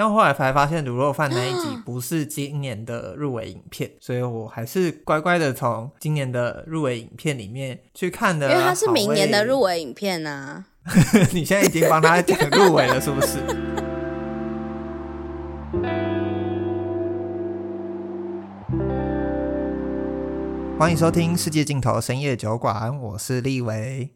但後來才發現，《滷肉飯》那一集不是今年的入圍影片，啊、所以我還是乖乖的從今年的入圍影片裡面去看的。因為它是明年的入圍影片啊！好欸、 你現在已經幫他講入圍了，是不是？歡迎收聽《世界盡頭深夜酒館》，我是力瑋，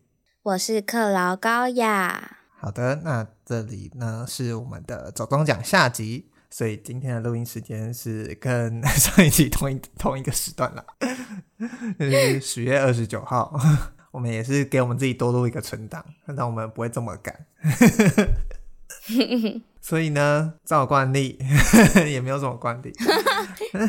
我是克勞高雅。好的，那這裡呢，是我們的走鐘獎下集，所以今天的錄音時間是跟上一集同一同一個時段啦 Yeah. 是十月二十九號，我們也是給我們自己多錄一個存檔，讓我們不會這麼趕。 所以呢，照慣例，呵呵，也沒有什麼慣例。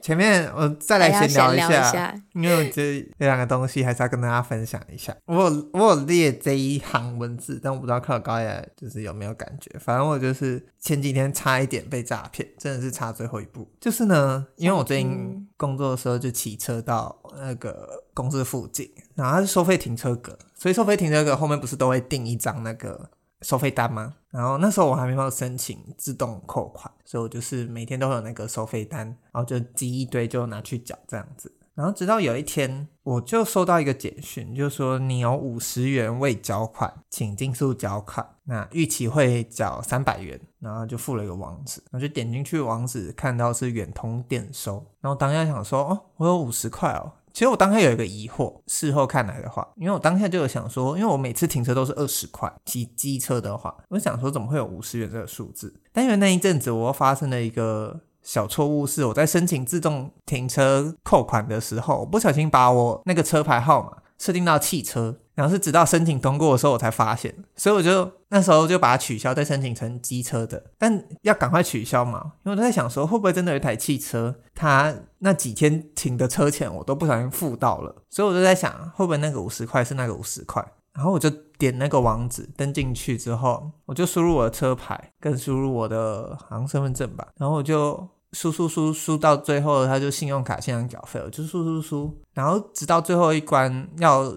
前面我再來閒聊一下，一下，因為我覺得，這這兩個東西還是要跟大家分享一下。 我有我有列這一行文字，但我不知道克勞高雅就是有沒有感覺？反正我就是前幾天差一點被詐騙，真的是差最後一步。就是呢，因為我最近工作的時候就騎車到那個公司附近，然後它是收費停車格，所以收費停車格後面不是都會訂一張那個。收費單嗎？然後那時候我還沒有申請自動扣款，所以我就是每天都有那個收費單，然後就積一堆就拿去繳這樣子。然後直到有一天，我就收到一個簡訊，就說你有五十元未繳款，請盡速繳款，那逾期會繳三百元。然後就附了一個網址，我就點進去網址，看到是遠通電收，然後當下想說哦，我有五十塊哦。其實我當下有一個疑惑，事後看來的話，因為我當下就有想說，因為我每次停車都是二十塊，騎機車的話，我想說怎麼會有五十元這個數字？但因為那一陣子我發生了一個小錯誤，是我在申請自動停車扣款的時候，我不小心把我那個車牌號碼設定到汽車。然後是直到申請通過的時候，我才發現，所以我就那時候就把它取消，再申請成機車的。但要趕快取消嘛，因為我在想說，會不會真的有一台汽車，它那幾天停的車錢我都不小心付到了。所以我就在想，會不會那個五十塊是那個五十塊？然後我就點那個網址，登進去之後，我就輸入我的車牌，跟輸入我的好像身份證吧。然後我就輸輸輸輸到最後，他就信用卡線上繳費了，就輸輸輸。然後直到最後一關要。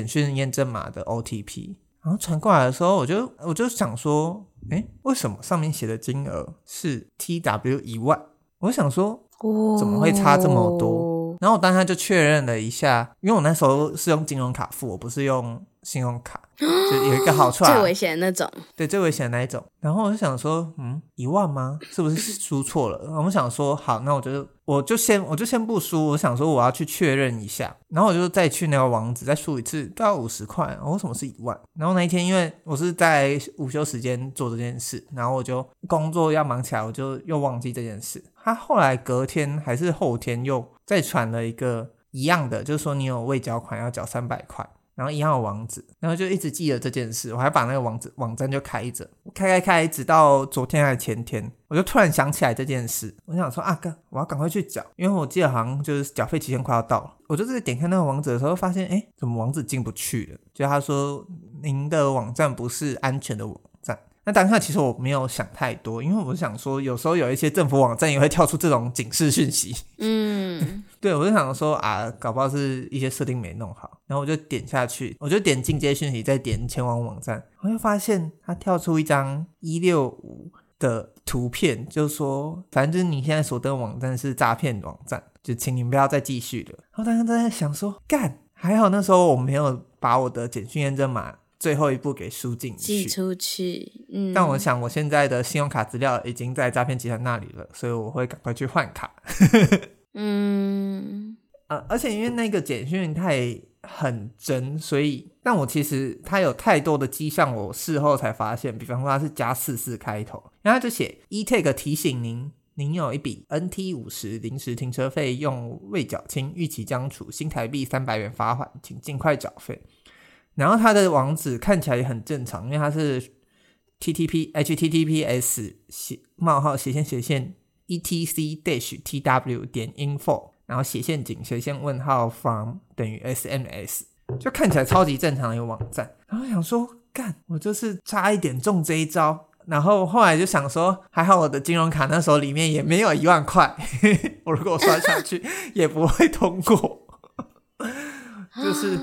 簡訊驗證碼的 OTP，然後傳過來的時候，我就我就想說，誒、欸，為什麼上面寫的金額是 TW 一萬？我想說，怎麼會差這麼多？然後我當時就確認了一下，因為我那時候是用金融卡付，我不是用。信用卡就有一個好處啊，最危險的那種。對，最危險的那一種。然後我就想說，嗯，一萬嗎？是不是輸錯了？ 然後我們想說，好，那我就我就先我就先不輸，我想說我要去確認一下。然後我就再去那個網址再輸一次，都要五十塊。我、哦、為什麼是一萬？然後那一天，因為我是在午休時間做這件事，然後我就工作要忙起來，我就又忘記這件事。他後來隔天還是後天又再傳了一個一樣的，就是說你有未繳款要繳三百塊。然後一號的網址，然後就一直記得這件事，我還把那個網址網站就開着，開開開，直到昨天還是前天，我就突然想起來這件事，我想說啊哥，我要趕快去繳，因為我記得好像就是繳費期限快要到了。我就在點開那個網址的時候，發現誒，怎麼網址進不去了？就他說您的網站不是安全的網站。那當下其實我沒有想太多，因為我想說有時候有一些政府網站也會跳出這種警示訊息。嗯。 對，我就想說啊，搞不好是一些設定沒弄好，然後我就點下去，我就點進階訊息，再點前往網站，我就發現它跳出一張一六五的圖片，就說反正就是你現在所登網站是詐騙網站，就請你們不要再繼續了。然後我當時在想說，干，還好那時候我沒有把我的簡訊驗證碼最後一步給輸進去，寄出去，嗯，但我想我現在的信用卡資料已經在詐騙集團那裡了，所以我會趕快去換卡。 嗯，呃、啊，而且因為那個簡訊它也很真，所以但我其實它有太多的跡象，我事後才發現，比方說它是加四四開頭，然後它就寫、uh huh. “E-Tag 提醒您，您有一筆 NT 五十臨時停車費用未繳清，逾期將處新台幣三百元罰款，請盡快繳費。”然後它的網址看起來也很正常，因為它是 T TP, T P H T T P S 斜，冒號斜線斜線。e.t.c. dash t.w. 點 info，然後斜線井斜線問號 from 等於 s.m.s，就看起來超級正常的一個網站。然後想說，幹，我就是差一點中這一招。然後後來就想說，還好我的金融卡那時候裡面也沒有一萬塊， 我如果我刷下去、啊、也不會通過， 就是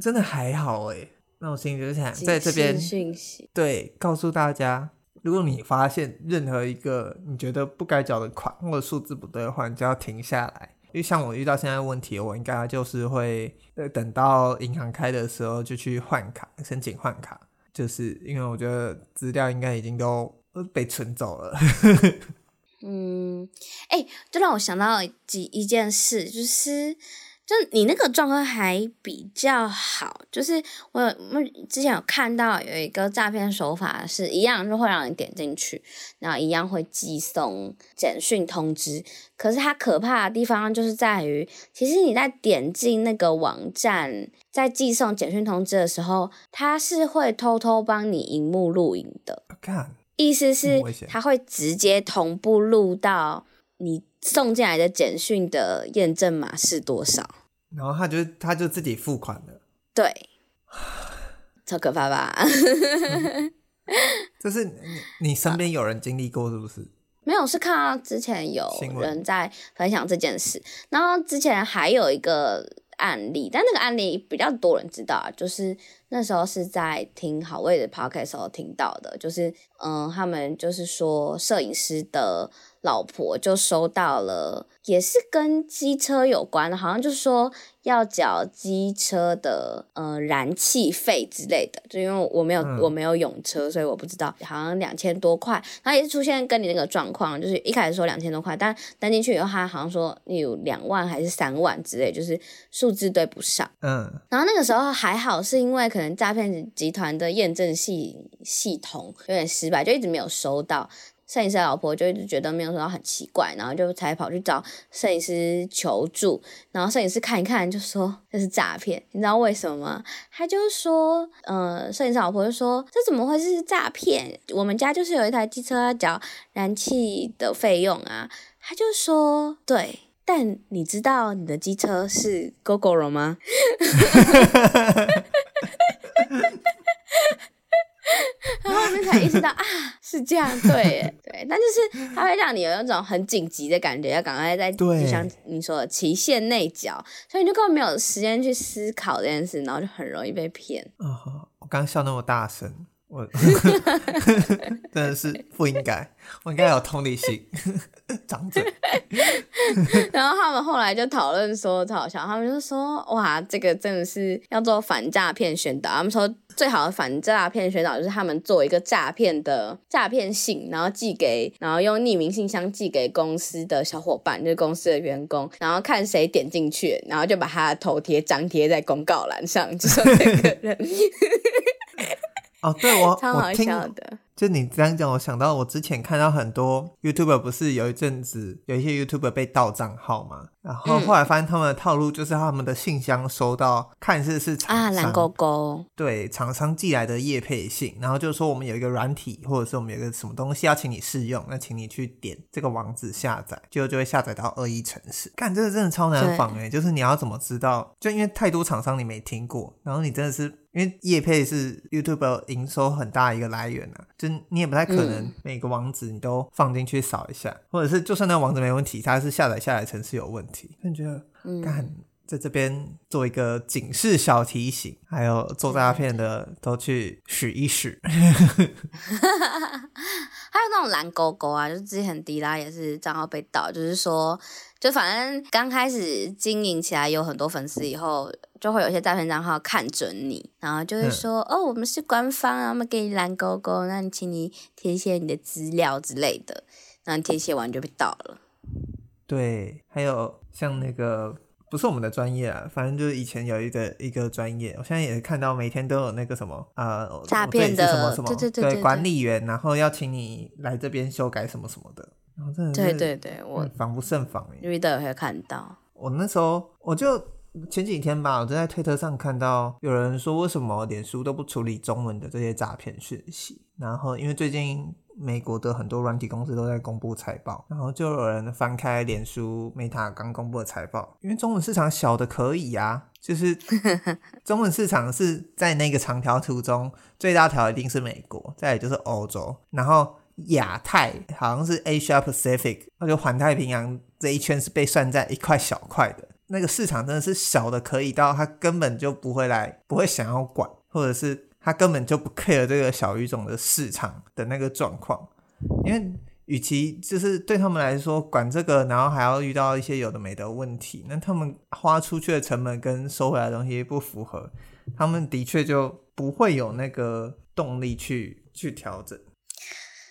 真的還好哎。那我心裡就是想在這邊對告訴大家。如果你發現任何一個你覺得不該繳的款，或者數字不對的話，就要停下來。因為像我遇到現在的問題，我應該就是會等到銀行開的時候就去換卡，申請換卡。就是因為我覺得資料應該已經都被存走了。嗯，哎、欸，這讓我想到幾一件事，就是。就你那個狀況還比較好，就是我我之前有看到有一個詐騙手法是一樣，就會讓你點進去，然後一樣會寄送簡訊通知。可是它可怕的地方就是在於，其實你在點進那個網站，在寄送簡訊通知的時候，它是會偷偷幫你熒幕錄影的。Oh God, 意思是它會直接同步錄到你送進來的簡訊的驗證碼是多少？然後他就他就自己付款了，對，超可怕吧？就、 嗯、是你，你身邊有人經歷過是不是？呃、沒有，是看之前有人在分享這件事，聞然後之前還有一個案例，但那個案例比較多人知道，就是那時候是在聽好味的 Podcast 時候聽到的，就是嗯、呃，他們就是說攝影師的。老婆就收到了，也是跟機車有關的，好像就說要繳機車的呃燃氣費之類的，就因為我沒有、嗯、我沒有用車，所以我不知道，好像兩千多塊，他也是出現跟你那個狀況，就是一開始說兩千多塊，但登進去以後，他好像說你有兩萬還是三萬之類，就是數字對不上，嗯，然後那個時候還好，是因為可能詐騙集團的驗證系系統有點失敗，就一直沒有收到。攝影師的老婆就一直覺得沒有收到很奇怪，然後就才跑去找攝影師求助。然後攝影師看一看，就說這是詐騙。你知道為什麼嗎？他就說，呃，攝影師老婆就說這怎麼會是詐騙？我們家就是有一台機車、啊，要繳燃氣的費用啊。他就說對，但你知道你的機車是 Gogoro 嗎？ 然後你才意識到 啊，是這樣，對，對，但就是它會讓你有一種很緊急的感覺，要趕快在，對就像你說的期限內繳，所以你就根本沒有時間去思考這件事，然後就很容易被騙。哦，我剛笑那麼大聲。我 真的是不應該，我應該有同理心，長者。 然後他們後來就討論說，好笑。他們就說：“哇，這個真的是要做反詐騙宣導。”他們說，最好的反詐騙宣導就是他們做一個詐騙的詐騙信，然後寄給，然後用匿名信箱寄給公司的小夥伴，就是公司的員工，然後看誰點進去，然後就把他的頭貼張貼在公告欄上，就說這個人。 哦，對我我聽，就你這樣講，我想到我之前看到很多 YouTuber 不是有一陣子有一些 YouTuber 被盜賬號嘛，然後後來發現他們的套路就是他們的信箱收到看似是啊藍勾勾，嗯、對，廠商寄來的業配信，然後就說我們有一個軟體或者是我們有個什麼東西要請你試用，那請你去點這個網址下載，就就會下載到惡意程式。幹，這個真的超難防誒，對就是你要怎麼知道？就因為太多廠商你沒聽過，然後你真的是。因為業配是 YouTuber 營收很大的一個來源啊，就你也不太可能每個網址你都放進去掃一下，嗯、或者是就算那個網址沒問題，它是下載下來程式有問題。那你覺得，嗯、干在這邊做一個警示小提醒，還有做詐騙的都去試一試。 還有那種藍勾勾啊，就自己很低啦，也是賬號被盜，就是說，就反正剛開始經營起來有很多粉絲以後。就會有些詐騙賬號看準你，然後就會說：“嗯、哦，我們是官方啊，我們給你藍勾勾，那你請你填寫你的資料之類的。”然後填寫完就被盜了。對，還有像那個不是我們的專業啊，反正就是以前有一個一個專業，我現在也看到每天都有那個什麼啊，呃、詐騙的什麼什麼對,對,對,對,對,對管理員，然後要請你來這邊修改什麼什麼的，然後真的對對對，我防不勝防，因為都有會看到。我那時候我就。前幾天吧，我就在推特上看到有人說，為什麼臉書都不處理中文的這些詐騙訊息？然後因為最近美國的很多軟體公司都在公布財報，然後就有人翻開臉書 Meta 剛公布的財報，因為中文市場小的可以啊，就是中文市場是在那個長條圖中最大條一定是美國，再也就是歐洲，然後亞太好像是 Asia Pacific，那就環太平洋這一圈是被算在一塊小塊的。那個市場真的是小的可以到，他根本就不會來，不會想要管，或者是他根本就不 care 這個小語種的市場的那個狀況，因為與其就是對他們來說管這個，然後還要遇到一些有的沒的問題，那他們花出去的成本跟收回來的東西不符合，他們的確就不會有那個動力去去調整。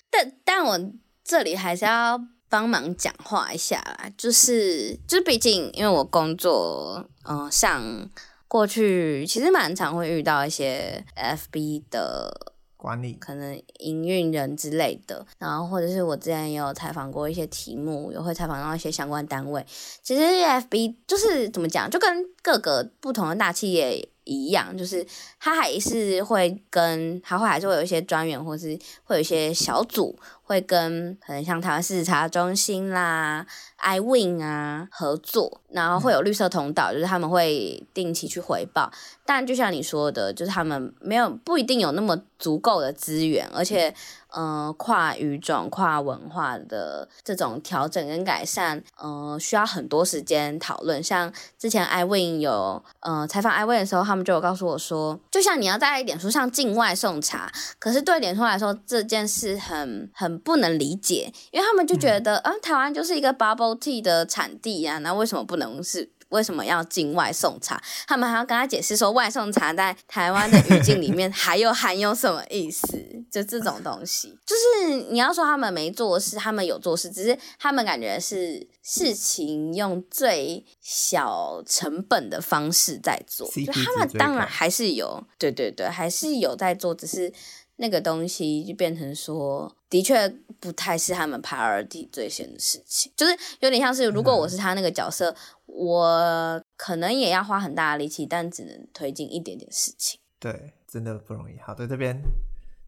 但但我這裡還是要。幫忙講話一下啦，就是就是，畢竟因為我工作，嗯，像過去其實蠻常會遇到一些 FB 的管理，可能營運人之類的，然後或者是我之前也有採訪過一些題目，也會採訪到一些相關單位。其實 FB 就是怎麼講，就跟各個不同的大企業。一樣，就是他還是會跟他會還是會有一些專員，或是會有一些小組，會跟可能像台灣事實查核中心啦、iWin 啊合作，然後會有綠色通道，就是他們會定期去回報。但就像你說的，就是他們沒有不一定有那麼足夠的資源，而且。呃，跨語種、跨文化的這種調整跟改善，呃，需要很多時間討論。像之前 iWIN 有呃採訪 iWIN 的時候，他們就有告訴我說，就像你要在臉書上境外送茶，可是對臉書來說這件事很很不能理解，因為他們就覺得啊、嗯呃，台灣就是一個 bubble tea 的產地呀、啊，那為什麼不能是？為什麼要境外送茶？他們還要跟他解釋說，外送茶在台灣的語境裡面還有含有什麼意思？ 就這種東西，就是你要說他們沒做事，他們有做事，只是他們感覺是事情用最小成本的方式在做。 就他們當然還是有，對對對，還是有在做，只是那個東西就變成說，的確不太是他們 priority 最先的事情，就是有點像是如果我是他那個角色。 我可能也要花很大的力氣，但只能推進一點點事情。對，真的不容易。好的，這邊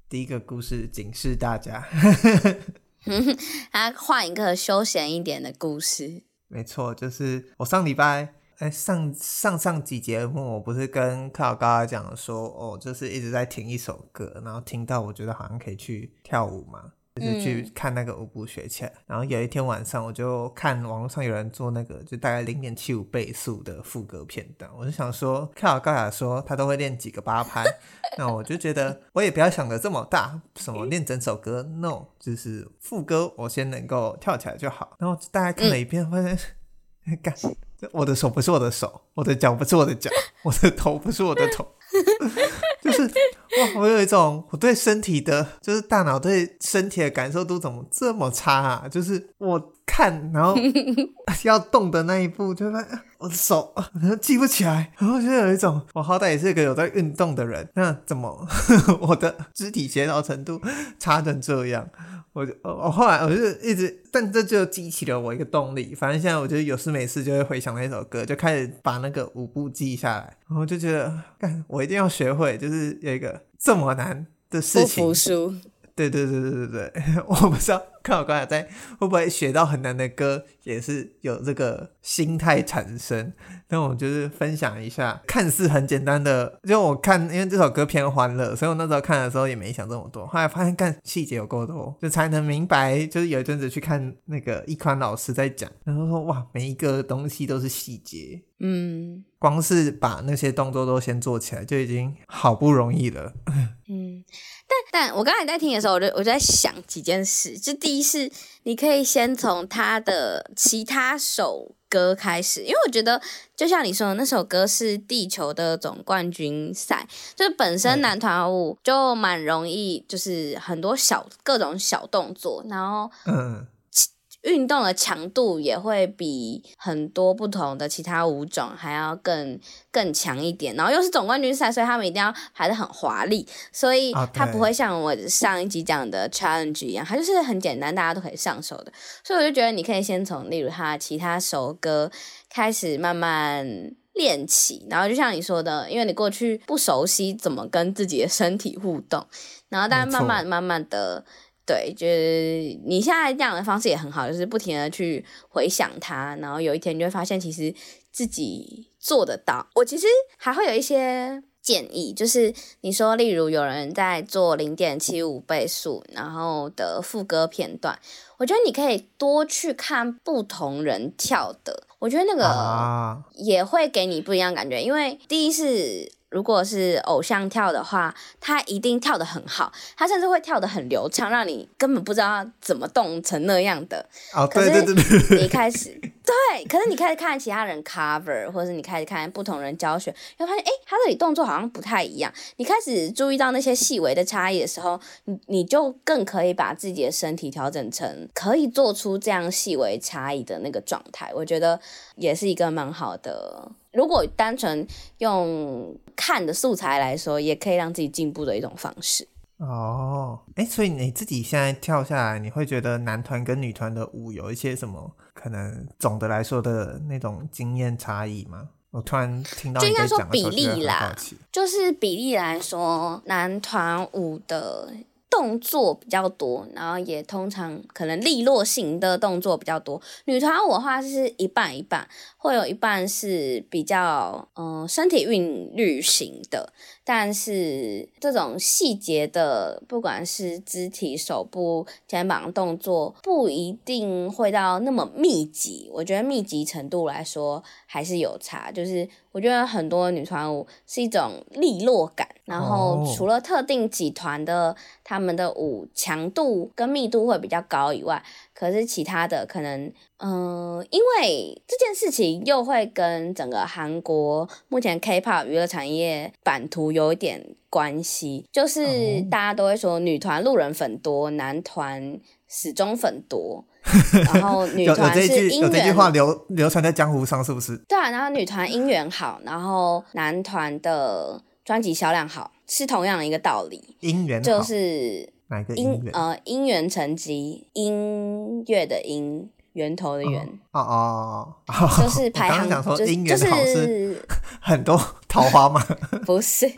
第一個故事警示大家。 他換一個休閒一點的故事。沒錯，就是我上禮拜哎、欸，上上上幾節目，我不是跟克勞高雅講說，哦，就是一直在聽一首歌，然後聽到我覺得好像可以去跳舞嘛。就去看那個舞步學起來，嗯、然後有一天晚上我就看網絡上有人做那個，就大概零點七五倍速的副歌片段，我就想說，克勞高雅說他都會練幾個八拍， 那我就覺得我也不要想得這麼大，什麼練整首歌 Okay.，no，就是副歌我先能夠跳起來就好。然後大家看了一遍，發現、嗯，幹，我的手不是我的手，我的腳不是我的腳，我的頭不是我的頭， 就是。哇，我有一種，我對身體的，就是大腦對身體的感受度怎麼這麼差啊？就是我。看，然後 要動的那一步，就是我的手，然後記不起來，然後就有一種，我好歹也是一個有在運動的人，那怎麼 我的肢體協調程度 差成這樣？我就，我、哦、後來我就一直，但這就激起了我一個動力。反正現在我就有事沒事就會回想那首歌，就開始把那個舞步記下來，然後就覺得，幹，我一定要學會，就是有一個這麼難的事情，不服輸。對對對對對對，我不知道看我剛才在會不會學到很難的歌，也是有這個心態產生。那我就是分享一下，看似很簡單的，就我看，因為這首歌偏歡樂，所以我那時候看的時候也沒想這麼多。後來發現，看細節有夠多，就才能明白。就是有一陣子去看那個奕寬老師在講，然後說哇，每一個東西都是細節，嗯，光是把那些動作都先做起來，就已經好不容易了，嗯。但，但我剛才在聽的時候，我就我就在想幾件事。就第一是，你可以先從他的其他首歌開始，因為我覺得，就像你說的那首歌是《地球的總冠軍賽》，就是本身男團舞就蠻容易，就是很多小各種小動作，然後嗯。運動的強度也會比很多不同的其他舞種還要更更強一點，然後又是總冠軍賽，所以他們一定要排得很華麗，所以它不會像我上一集講的 challenge 一樣，它就是很簡單，大家都可以上手的。所以我就覺得你可以先從例如他其他首歌開始慢慢練起，然後就像你說的，因為你過去不熟悉怎麼跟自己的身體互動，然後但是慢慢沒錯慢慢的。對，就是你現在這樣的方式也很好，就是不停的去回想它，然後有一天你就會發現其實自己做得到。我其實還會有一些建議，就是你說例如有人在做零點七五倍速，然後的副歌片段，我覺得你可以多去看不同人跳的，我覺得那個也會給你不一樣感覺，因為第一是。如果是偶像跳的話，他一定跳得很好，他甚至會跳得很流暢，讓你根本不知道怎麼動成那樣的。啊、oh, 是，對對對，對，你開始 對，可是你開始看其他人 cover，或者是你開始看不同人教學，會發現哎，他這裡動作好像不太一樣。你開始注意到那些細微的差異的時候，你你就更可以把自己的身體調整成可以做出這樣細微差異的那個狀態。我覺得也是一個蠻好的。如果單純用看的素材來說，也可以讓自己進步的一種方式。哦，哎，所以你自己現在跳下來，你會覺得男團跟女團的舞有一些什麼可能？總的來說的那種經驗差異嗎？我突然聽到就應該說比例啦，就，就是比例來說，男團舞的動作比較多，然後也通常可能利落型的動作比較多。女團舞的話是一半一半，會有一半是比較嗯、呃、身體韻律型的。但是這種細節的，不管是肢體、手部、肩膀動作，不一定會到那麼密集。我覺得密集程度來說還是有差。就是我覺得很多女團舞是一種利落感，然後除了特定幾團的、oh. 他們的舞強度跟密度會比較高以外。可是其他的可能，嗯、呃，因為這件事情又會跟整個韓國目前 K pop 娛樂產業版圖有一點關係，就是大家都會說女團路人粉多，男團死忠粉多，嗯、然後女團是音源，有，有這，句，有這句話流流傳在江湖上，是不是？對啊，然後女團音源好，然後男團的專輯銷量好，是同樣的一個道理，音源就是。哪個音,音呃，音源層級，音樂的音，源頭的源，哦哦，哦哦哦就是排行，剛剛說就是就是很多。桃花嗎？ 不是，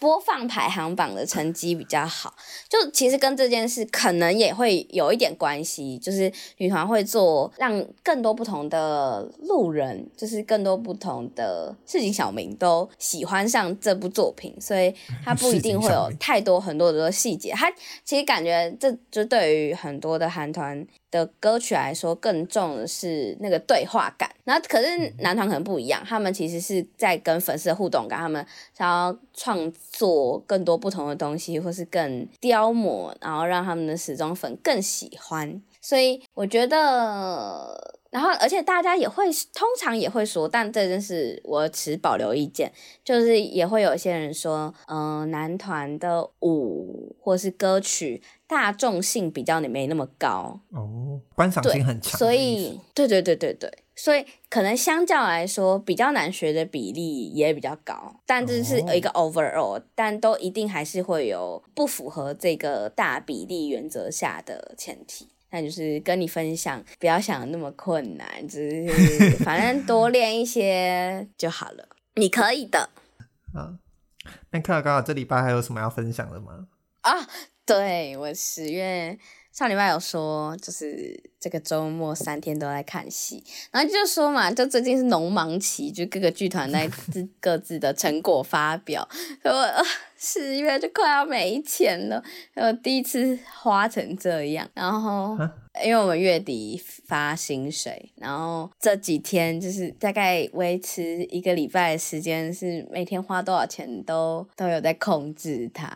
播放排行榜的成績比較好，就其實跟這件事可能也會有一點關係。就是女團會做，讓更多不同的路人，就是更多不同的市井小民都喜歡上這部作品，所以他不一定會有太多很多的細節。它、嗯、其實感覺這就對於很多的韓團的歌曲來說，更重的是那個對話感。那可是男團可能不一樣，嗯、他們其實是在跟粉絲的互動，跟他們想要創作更多不同的東西，或是更雕磨，然後讓他們的死忠粉更喜歡。所以我覺得，然後而且大家也會通常也會說，但這件事我持保留意見，就是也會有些人說，嗯、呃，男團的舞或是歌曲大眾性比較沒那麼高哦，觀賞性對很強，所以對對對對對。所以可能相較來說，比較難學的比例也比較高，但這是有一個 overall，、哦、但都一定還是會有不符合這個大比例原則下的前提。那就是跟你分享，不要想那麼困難，只、就是反正多練一些就好了， 你可以的。嗯、啊，那克勞高雅，這禮拜還有什麼要分享的嗎？啊，對我十月上禮拜有說，就是。這個周末三天都在看戲，然後就說嘛，就最近是農忙期，就各個劇團在各自的成果發表。 所以我十一、呃、月就快要沒錢了，所以我第一次花成這樣。然後，蛤因為我們月底發薪水，然後這幾天就是大概維持一個禮拜的時間，是每天花多少錢都都有在控制它。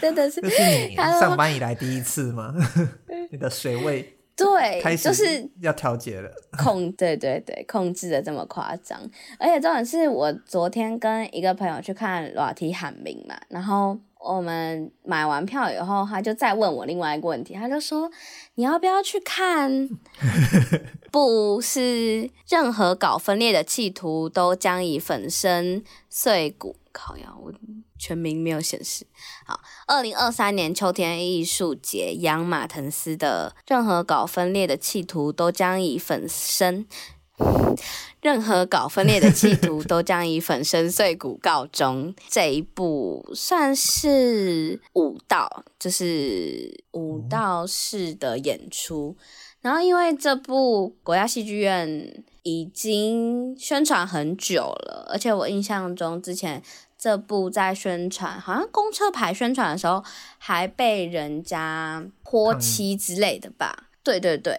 真的是，這是你、啊啊、上班以來第一次嗎？ 你的水位開始對，就是要調節了，控、對對對，控制的這麼誇張， 而且重點是我昨天跟一個朋友去看《裸體喊名》嘛，然後我們買完票以後，他就再問我另外一個問題，他就說你要不要去看？ 不是任何搞分裂的企圖都將以粉身碎骨告夭。烤全名沒有顯示。好，二零二三年秋天藝術節，揚馬騰斯的任何搞分裂的企圖都將以粉身， 任何搞分裂的企圖都將以粉身碎骨告終。這一部算是舞蹈，就是舞蹈式的演出。嗯、然後，因為這部國家戲劇院已經宣傳很久了，而且我印象中之前。這部在宣傳，好像公車牌宣傳的時候還被人家潑漆之類的吧？嗯、對對對，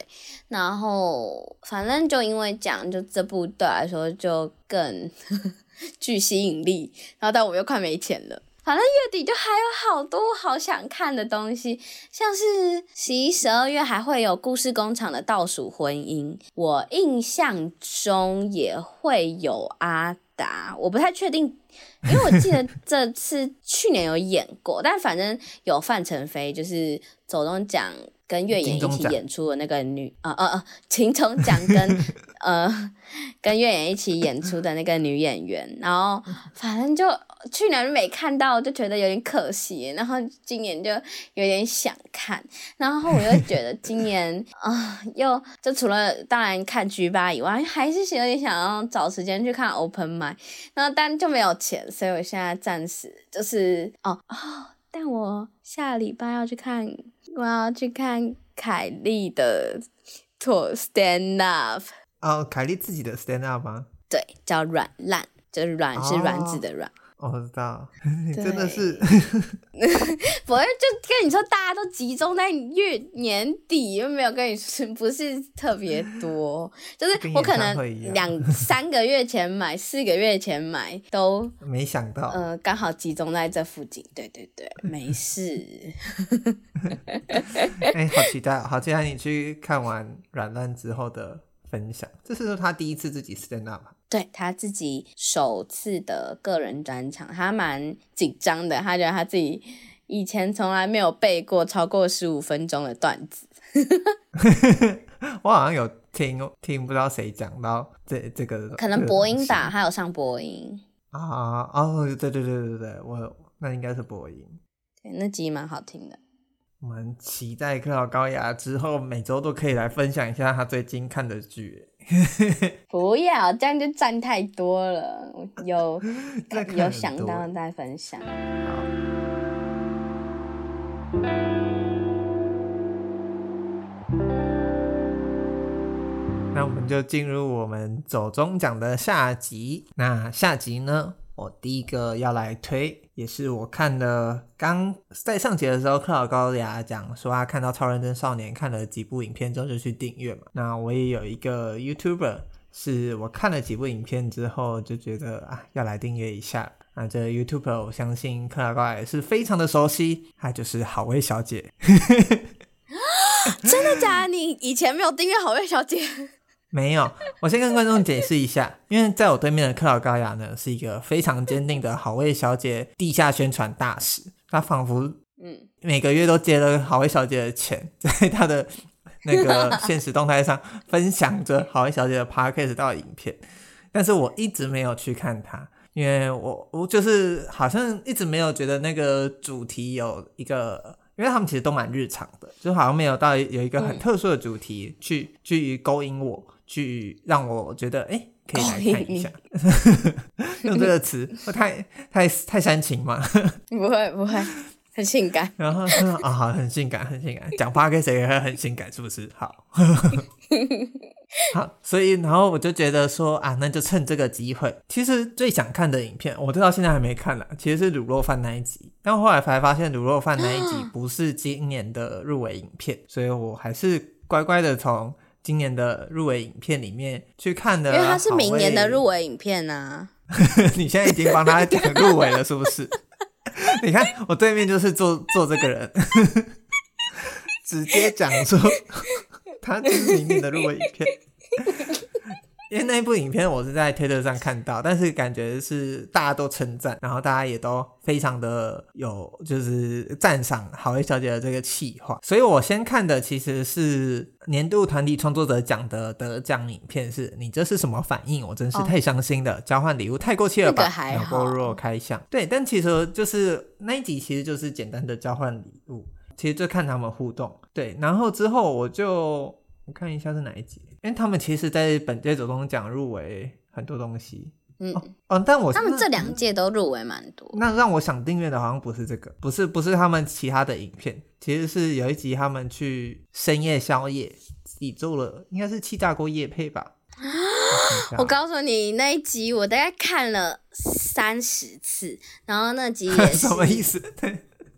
然後反正就因為講就這部對我來說就更 具吸引力。然後，但我又快沒錢了，反正月底就還有好多好想看的東西，像是十一、十二月還會有故事工廠的倒數婚姻，我印象中也會有阿達，我不太確定。因為我記得這次去年有演過， 但反正有范丞丞就是走鐘獎。跟月岩一起演出的那個女，啊啊、呃、啊！金鐘獎跟， 呃，跟月岩一起演出的那個女演員，然後反正就去年沒看到，就覺得有點可惜，然後今年就有點想看，然後我又覺得今年啊、 呃，又就除了當然看 G 八以外，還是有點想要找時間去看 Open Mind，然後但就沒有錢，所以我現在暫時就是哦。但我下禮拜要去看，我要去看凱莉的 tour stand up。哦，uh, 凱莉自己的 stand up 嗎？對，叫軟爛，就是軟、oh. 是軟字的軟。我知道，oh, 你真的是對，我 就跟你說，大家都集中在月年底，又沒有跟你說不是特別多，就是我可能兩 三個月前買，四個月前買都沒想到，呃，剛好集中在這附近，對對對，沒事。哎、 欸，好期待，好期待你去看完軟爛之後的分享，這是他第一次自己 stand up 吧。對，他自己首次的個人專場，他蠻緊張的。他覺得他自己以前從來沒有背過超過十五分鐘的段子。 我好像有聽聽，不知道誰講到這這個。可能播音吧，他有上播音啊？哦，對對對對對，我那應該是播音。對，那集蠻好聽的。我們期待看到高雅之後每周都可以來分享一下他最近看的劇。 不要，這樣就讚太多了。有、 啊、有想到再分享 好，那我們就進入我們走鐘獎的下集。那下集呢？我第一個要來推，也是我看的。剛在上節的時候，克勞高雅講說他看到《超認真少年》，看了幾部影片之後就去訂閱嘛。那我也有一個 YouTuber，是我看了幾部影片之後就覺得啊，要來訂閱一下。那這 YouTuber 我相信克勞高雅也是非常的熟悉，他就是好味小姐。 真的假的？你以前沒有訂閱好味小姐？沒有，我先跟觀眾解釋一下，因為在我對面的克勞高雅呢，是一個非常堅定的好味小姐地下宣傳大使，她仿佛嗯每個月都接了好味小姐的錢，在她的那個現實動態上分享着好味小姐的 podcast 到的影片，但是我一直沒有去看她，因為我我就是好像一直沒有覺得那個主題有一個，因為他們其實都蠻日常的，就好像沒有到有一個很特殊的主題去、嗯、去，去勾引我。去讓我覺得誒、欸、可以來看一下。 用這個詞，太、太、太煽情嗎？ 不會，不會，很性感。然後、嗯、啊，好，很性感，很性感。講發給誰，還很性感，是不是？好， 好。所以，然後我就覺得說啊，那就趁這個機會，其實最想看的影片，我直到現在還沒看呢。其實是滷肉飯那一集，但我後來才發現滷肉飯那一集不是今年的入圍影片，啊、所以我還是乖乖的從。今年的入圍影片裡面去看的，因為他是明年的入圍影片啊。好為 你現在已經幫他講入圍了，是不是？ 你看我對面就是坐坐這個人， 直接講講說 他是明年的入圍影片。 因為那一部影片我是在 Twitter 上看到，但是感覺是大家都稱讚，然後大家也都非常的有就是讚賞好味小姐的這個企劃，所以我先看的其實是年度團體創作者獎的得獎影片是，是你這是什麼反應？我真是太傷心了。哦、交換禮物太過氣了吧？若開箱對，但其實就是那一集其實就是簡單的交換禮物，其實就看他們互動對，然後之後我就我看一下是哪一集。因為他們其實，在本屆走鐘獎入圍很多東西，嗯嗯、哦，但我他們這兩屆都入圍蠻多。那讓我想訂閱的好像不是這個，不是不是他們其他的影片，其實是有一集他們去深夜宵夜，你做了應該是氣炸鍋業配吧。啊、我告訴你那一集，我大概看了三十次。然後那集也是 什麼意思？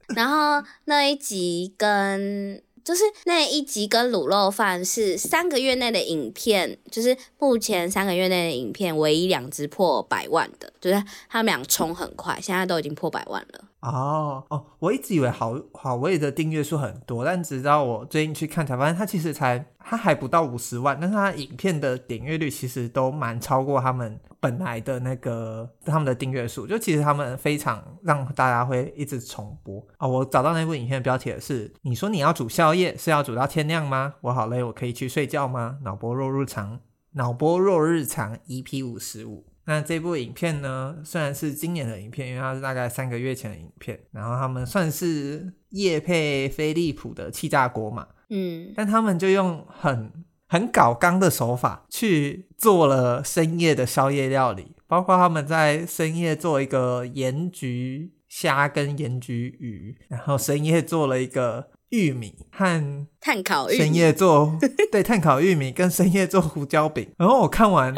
然後那一集跟。就是那一集跟滷肉飯是三個月內的影片，就是目前三個月內的影片唯一兩支破百萬的，就是他們倆衝很快，現在都已經破百萬了。哦哦，我一直以為好好味的訂閱數很多，但直到我最近去看才發現，反正他其實才他還不到五十萬，但是他影片的點閱率其實都蠻超過他們。本來的那個他們的訂閱數，就其實他們非常讓大家會一直重播啊、哦。我找到那部影片的標題是：你說你要煮宵夜，是要煮到天亮嗎？我好累，我可以去睡覺嗎？腦波弱日常，腦波弱日常，EP 五十五。那這部影片呢，雖然是今年的影片，因為它是大概三個月前的影片，然後他們算是業配飛利浦的氣炸鍋嘛，嗯，但他們就用很很搞剛的手法去做了深夜的宵夜料理，包括他們在深夜做一個鹽焗蝦跟鹽焗魚，然後深夜做了一個玉米和炭烤玉米，深夜做對炭烤玉米跟深夜做胡椒餅。然後我看完，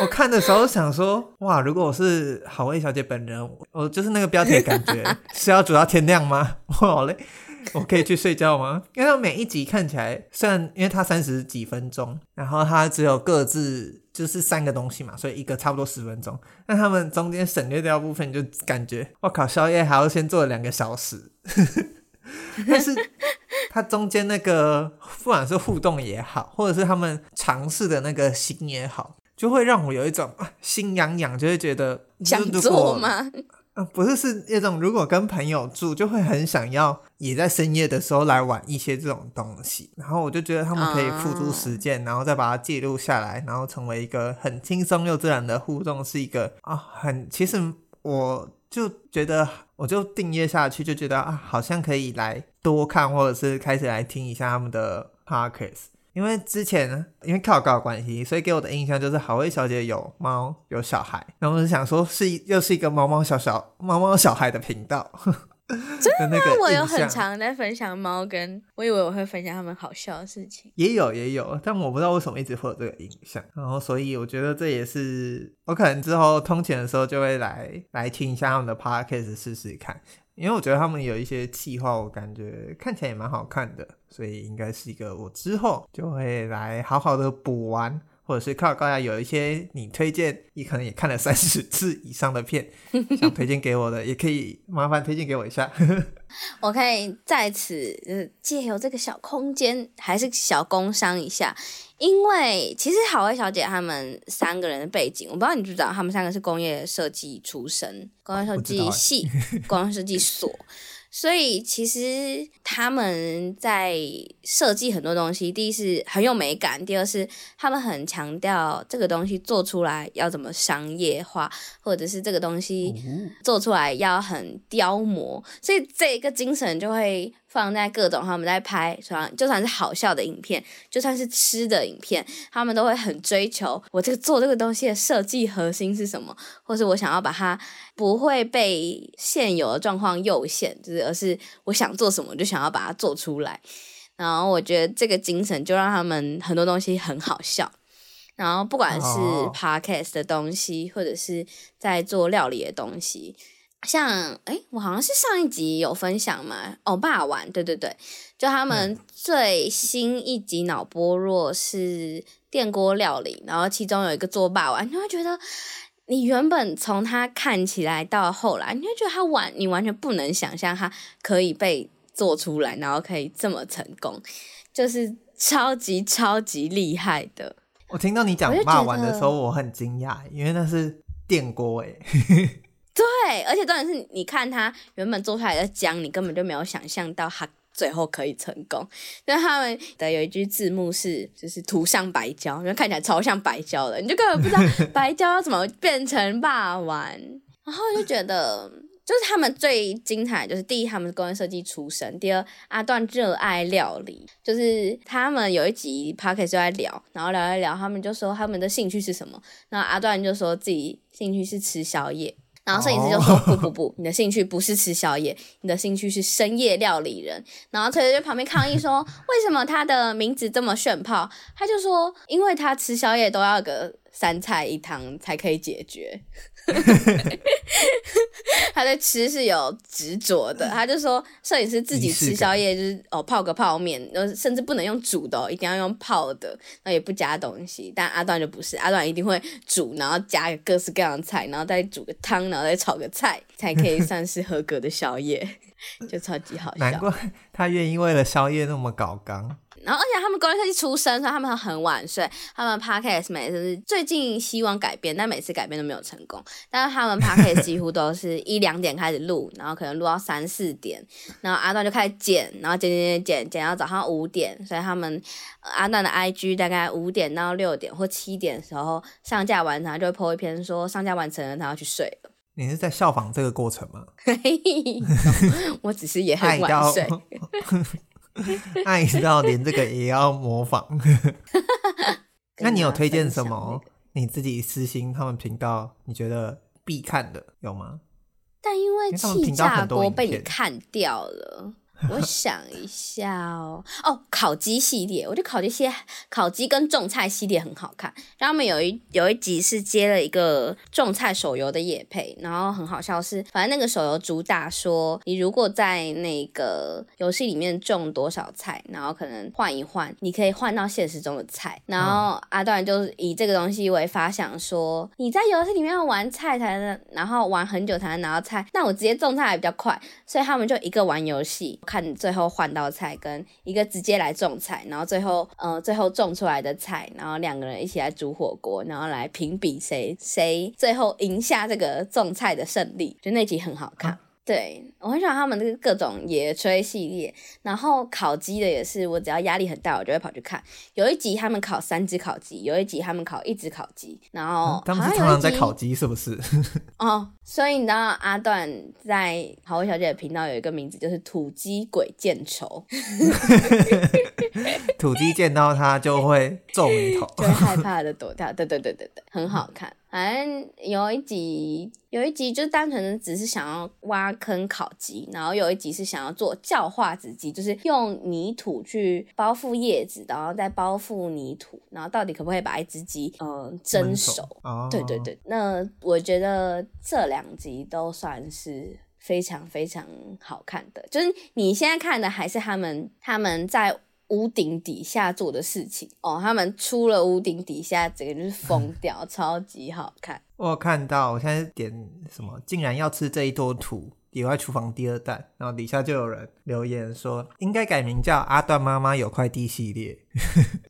我看的時候想說，哇，如果我是好味小姐本人，我，我就是那個標題的感覺 是要煮到天亮嗎？哇 嘞！ 我可以去睡覺嗎？因為他每一集看起來，雖然因為他三十幾分鐘，然後他只有各自就是三個東西嘛，所以一個差不多十分鐘。那他們中間省略掉部分，就感覺我靠，宵夜還要先做兩個小時。 但是他中間那個不管是互動也好，或者是他們嘗試的那個心也好，就會讓我有一種、啊、心癢癢，就會覺得想做嗎？啊、不是，是那種，如果跟朋友住，就會很想要也在深夜的時候來玩一些這種東西。然後我就覺得他們可以付出時間，嗯、然後再把它記錄下來，然後成為一個很輕鬆又自然的互動，是一個啊，很，其實我就覺得我就訂閱下去，就覺得啊，好像可以來多看，或者是開始來聽一下他們的 podcast。因為之前呢，因為克勞高雅的關係，所以給我的印象就是好味小姐有貓有小孩，然後我就想說是又是一個貓貓小小貓貓小孩的頻道。真的嗎？的我有很常在分享貓，跟我以為我會分享他們好笑的事情，也有也有，但我不知道為什麼一直會有這個印象。然後所以我覺得這也是我可能之後通勤的時候就會來來聽一下他們的 podcast 試試看。因為我覺得他們有一些企劃，我感覺看起來也蠻好看的，所以應該是一個我之後就會來好好的補完，或者是靠高雅有一些你推薦，你可能也看了三十次以上的片，想推薦給我的， 也可以麻煩推薦給我一下。 我可以在此借、呃、由這個小空間，還是小工商一下。因為其實好味小姐他們三個人的背景，我不知道你知不知道，他們三個是工業設計出身，哦、工業設計系，工業設計所， 所以其實他們在設計很多東西，第一是很有美感，第二是他們很強調這個東西做出來要怎麼商業化，或者是這個東西做出來要很雕模，所以這一個精神就會。放在各種他們在拍，算，就算是好笑的影片，就算是吃的影片，他們都會很追求我這個做這個東西的設計核心是什麼，或是我想要把它不會被現有的狀況有限，就是而是我想做什麼就想要把它做出來。然後我覺得這個精神就讓他們很多東西很好笑。然後不管是 podcast 的東西，或者是在做料理的東西。像哎、欸，我好像是上一集有分享嘛，哦，霸王，對對對，就他們最新一集腦波弱是電鍋料理，嗯、然後其中有一個做霸王，你會覺得你原本從他看起來到後來，你會覺得他玩，你完全不能想象他可以被做出來，然後可以這麼成功，就是超級超級厲害的。我聽到你講霸王玩的時候，我，我很驚訝，因為那是電鍋誒、欸 對，而且重點是，你看他原本做出來的漿，你根本就沒有想象到他最後可以成功。那他們的有一句字幕是，就是塗上白膠，就看起來超像白膠的，你就根本不知道白膠要怎麼變成霸王。 然後就覺得，就是他們最精彩，就是第一，他們是工業設計出身；第二，阿段熱愛料理。就是他們有一集 podcast 就在聊，然後聊一聊，他們就說他們的興趣是什麼。那阿段就說自己興趣是吃宵夜。然後攝影師就說：“ oh. 不不不，你的興趣不是吃宵夜，你的興趣是深夜料理人。”然後錘錘就旁邊抗議說：“ 為什麼他的名字這麼炫炮？”他就說：“因為他吃宵夜都要個三菜一湯才可以解決。” 他在吃是有執着的，他就說攝影師自己吃宵夜就是哦泡個泡麵，甚至不能用煮的，哦，一定要用泡的，那也不加東西。但阿段就不是，阿段一定會煮，然後加各式各樣的菜，然後再煮個湯，然後再炒個菜，才可以算是合格的宵夜， 就超級好笑。難怪他願意為了宵夜那麼搞剛。然後，而且他們工作室出生，所以他們很晚睡。他們 podcast 每次是最近希望改變，但每次改變都沒有成功。但是他們 podcast 幾乎都是一兩點開始錄， 然後可能錄到三四點，然後阿段就開始剪，然後剪剪剪剪剪到早上五點。所以他們阿段的 IG 大概五點到六點或七點的時候上架完成，他就會 po 一篇說上架完成了，他要去睡了。你是在效仿這個過程嗎？ 我只是也很晚睡。 暗刀 愛到，連這個也要模仿？ 那你有推薦什麼？你自己私心他們頻道，你覺得必看的有嗎？但因為他們頻道很多被你看掉了。我想一下哦，哦，烤雞系列，我覺得烤雞系列，烤雞跟種菜系列很好看。然後他們有一有一集是接了一個種菜手遊的業配，然後很好笑是，反正那個手遊主打說，你如果在那個遊戲裡面種多少菜，然後可能換一換，你可以換到現實中的菜。然後阿段就是以這個東西為發想說，說你在遊戲裡面要玩菜才能，然後玩很久才能拿到菜，那我直接種菜還比較快。所以他們就一個玩遊戲。看最後換到菜跟一個直接來種菜，然後最後嗯、呃、最後種出來的菜，然後兩個人一起來煮火鍋，然後來評比誰誰最後贏下這個種菜的勝利，就那集很好看。啊、對，我很喜歡他們這個各種野炊系列，然後烤雞的也是，我只要壓力很大我就會跑去看。有一集他們烤三只烤雞，有一集他們烤一隻烤雞，然後、啊、他們是常常在烤雞是不是？哦。 所以你知道阿段在好味小姐的頻道有一個名字，就是土雞鬼見愁。 土雞見到他就會皺眉頭，就害怕的躲掉。 對對對對對，很好看。嗯、反正有一集有一集就是單純的只是想要挖坑烤雞，然後有一集是想要做叫化子雞，就是用泥土去包覆葉子，然後再包覆泥土，然後到底可不可以把一隻雞嗯蒸熟？熟對對對。哦、那我覺得這兩。兩集都算是非常非常好看的。就是你現在看的還是他們他們在屋頂底下做的事情哦，他們出了屋頂底下，整個就是瘋掉， 超級好看。我有看到我現在點什麼，竟然要吃這一坨土，野外廚房第二彈，然後底下就有人留言說應該改名叫阿段媽媽有快遞系列，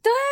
對。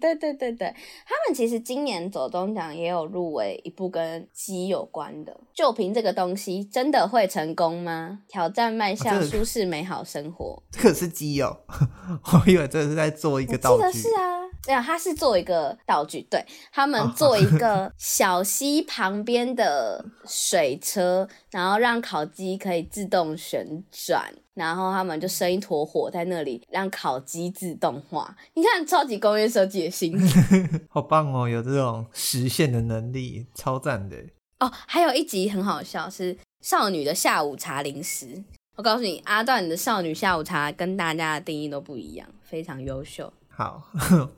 對對對對，他們其實今年走鐘獎也有入圍一部跟雞有關的。就憑這個東西，真的會成功嗎？挑戰邁向舒適美好生活。啊這個、這個是雞哦， 我以為這是在做一個道具。道是啊，沒、嗯、有，他是做一個道具。對他們做一個小溪旁邊的水車，啊、然後讓烤雞可以自動旋轉。然後他們就生一坨火在那裡，讓烤雞自動化。你看超級工業設計也行 好棒哦！有這種實現的能力，超讚的哦。還有一集很好笑，是少女的下午茶零食。我告訴你，阿、啊、段的少女下午茶跟大家的定義都不一樣，非常優秀。好，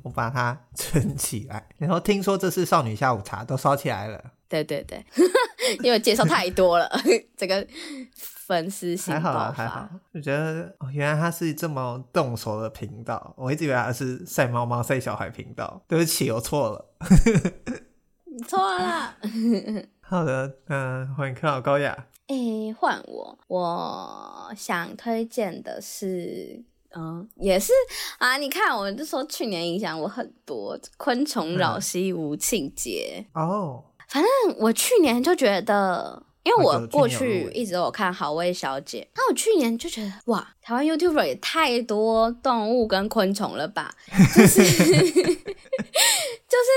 我把它存起來。然後聽說這是少女下午茶都燒起來了。對對對， 因為介紹太多了，這 個。粉絲還好還好。我覺得原來他是這麼動手的頻道，我一直以為他是曬貓貓、曬小孩頻道。對不起，我錯了，錯 了。 好的，嗯、呃，歡迎看到高雅。哎、欸，換我，我想推薦的是，嗯，也是啊。你看，我就說去年影響我很多，昆蟲擾西吳沁婕哦。Oh. 反正我去年就覺得。因為我過去一直有看好味小姐，那我去年就覺得哇，台灣 YouTuber 也太多動物跟昆蟲了吧？就是， 就是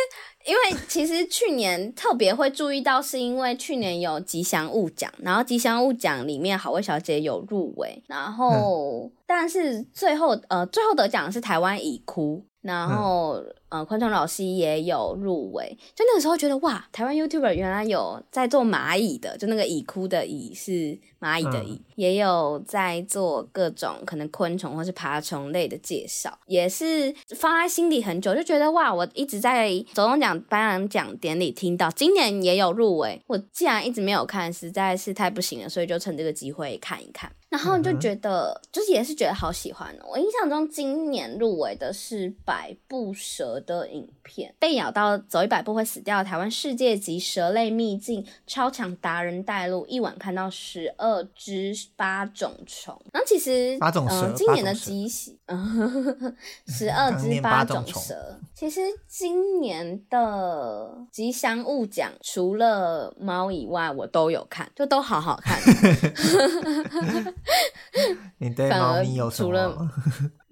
因為其實去年特別會注意到，是因為去年有吉祥物獎，然後吉祥物獎裡面好味小姐有入圍，然後、嗯、但是最後呃最後得獎的是台灣蟻窟，然後。嗯呃，昆蟲老師也有入圍，就那個時候覺得哇，台灣 YouTuber 原來有在做螞蟻的，就那個蟻哭的蟻是螞蟻的蟻，啊、也有在做各種可能昆蟲或是爬蟲類的介紹，也是放在心裡很久，就覺得哇，我一直在走鐘獎、頒獎獎典禮聽到，今年也有入圍，我既然一直沒有看，實在是太不行了，所以就趁這個機會看一看，然後就覺得、嗯、哼就是也是覺得好喜歡哦。我印象中今年入圍的是百步蛇。的影片，被咬到走一百步會死掉，台灣世界級蛇類秘境，超強達人帶路，一晚看到十二隻八種蟲。那其實八種蛇，呃、今年的吉祥、嗯、十二隻八種蛇。其實今年的吉祥物獎除了貓以外，我都有看，就都好好看。 你對貓你有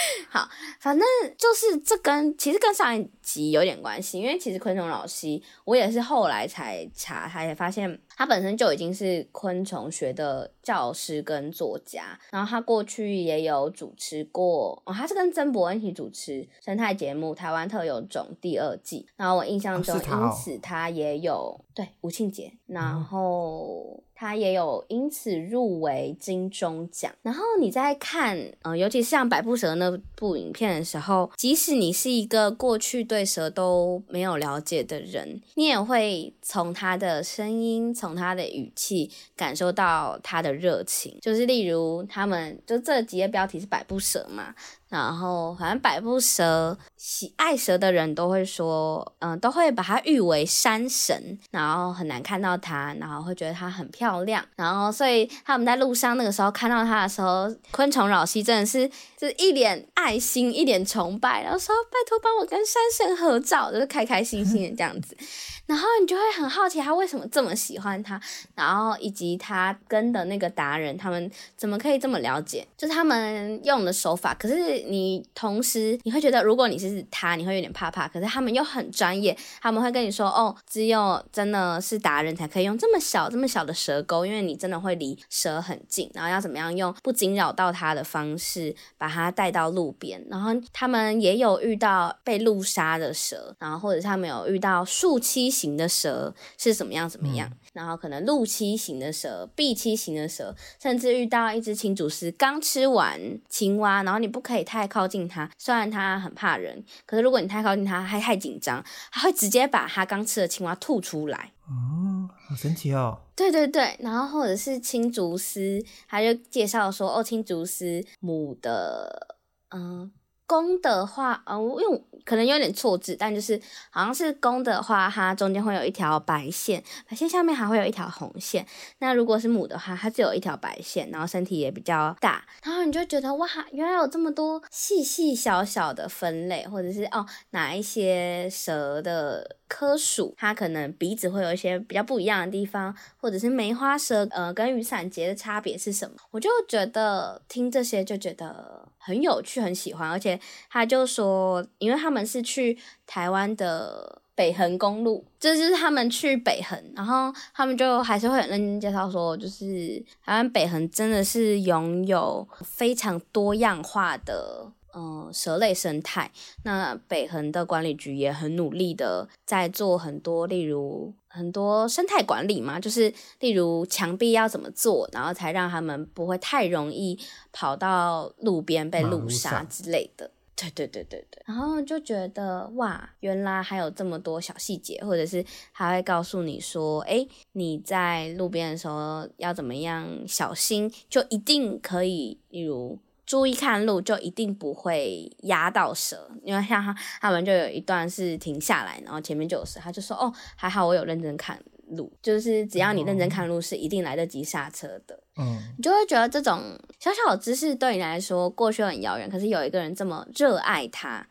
好，反正就是這跟其實跟上一集有點關係，因為其實昆蟲老師我也是後來才查，他也發現他本身就已經是昆蟲學的教師跟作家，然後他過去也有主持過，哦，他是跟曾博恩一起主持生《生態節目台灣特有種》第二季，然後我印象中、啊哦、因此他也有對吳沁婕，然後他也有因此入圍金鐘獎，然後你再看，嗯、呃，尤其是像百步蛇。那部影片的時候，即使你是一個過去對蛇都沒有了解的人，你也會從他的聲音、從他的語氣感受到他的熱情。就是例如他們就這幾個標題是百步蛇嘛。然後，反正百步蛇，喜愛蛇的人都會說，嗯、呃，都會把它譽為山神，然後很難看到它，然後會覺得它很漂亮，然後所以他們在路上那個時候看到它的時候，昆蟲擾西真的是就是一臉愛心，一臉崇拜，然後說拜托幫我跟山神合照，就是開開心心的這樣子。 然後你就會很好奇他為什麼這麼喜歡他，然後以及他跟的那個達人他們怎麼可以這麼了解？就是他們用的手法。可是你同時你會覺得，如果你是他，你會有點怕怕。可是他們又很專業，他們會跟你說：“哦，只有真的是達人才可以用這麼小，這麼小的蛇鈎，因為你真的會離蛇很近，然後要怎麼樣用不驚擾到他的方式把他帶到路邊。”然後他們也有遇到被路殺的蛇，然後或者是他們有遇到樹棲型的蛇是怎麼樣怎麼樣，嗯，然後可能陸棲型的蛇，壁棲型的蛇，甚至遇到一隻青竹絲剛吃完青蛙，然後你不可以太靠近它，雖然它很怕人，可是如果你太靠近它還太緊張，它會直接把它剛吃的青蛙吐出來。哦，好神奇哦！對對對，然後或者是青竹絲，他就介紹說哦，青竹絲母的嗯。公的話，呃，我用，可能有點錯字，但就是好像是公的話，它中間會有一條白線，白線下面還會有一條紅線。那如果是母的話，它只有一條白線，然後身體也比較大。然後你就覺得，哇，原來有這麼多細細小小的分類，或者是哦，哪一些蛇的科屬，它可能鼻子會有一些比較不一樣的地方，或者是梅花蛇，呃，跟雨傘節的差別是什麼？我就覺得聽這些就覺得。很有趣，很喜歡，而且他就說，因為他們是去台灣的北橫公路，這就是他們去北橫，然後他們就還是會很認真介紹說，就是台灣北橫真的是擁有非常多樣化的。嗯，蛇類生態，那北橫的管理局也很努力的在做很多，例如很多生態管理嘛，就是例如牆壁要怎麼做，然後才讓他們不會太容易跑到路邊被路殺之類的。對對對對對。然後就覺得哇，原來還有這麼多小細節，或者是他會告訴你說，哎、欸，你在路邊的時候要怎麼樣小心，就一定可以，例如。注意看路，就一定不會壓到蛇。因為像他，他們就有一段是停下來，然後前面就有蛇，他就說：“哦，還好我有認真看路。”就是只要你認真看路，是一定來得及剎車的。嗯，嗯，你就會覺得這種小小的知識對你來說過去很遙遠，可是有一個人這麼熱愛它，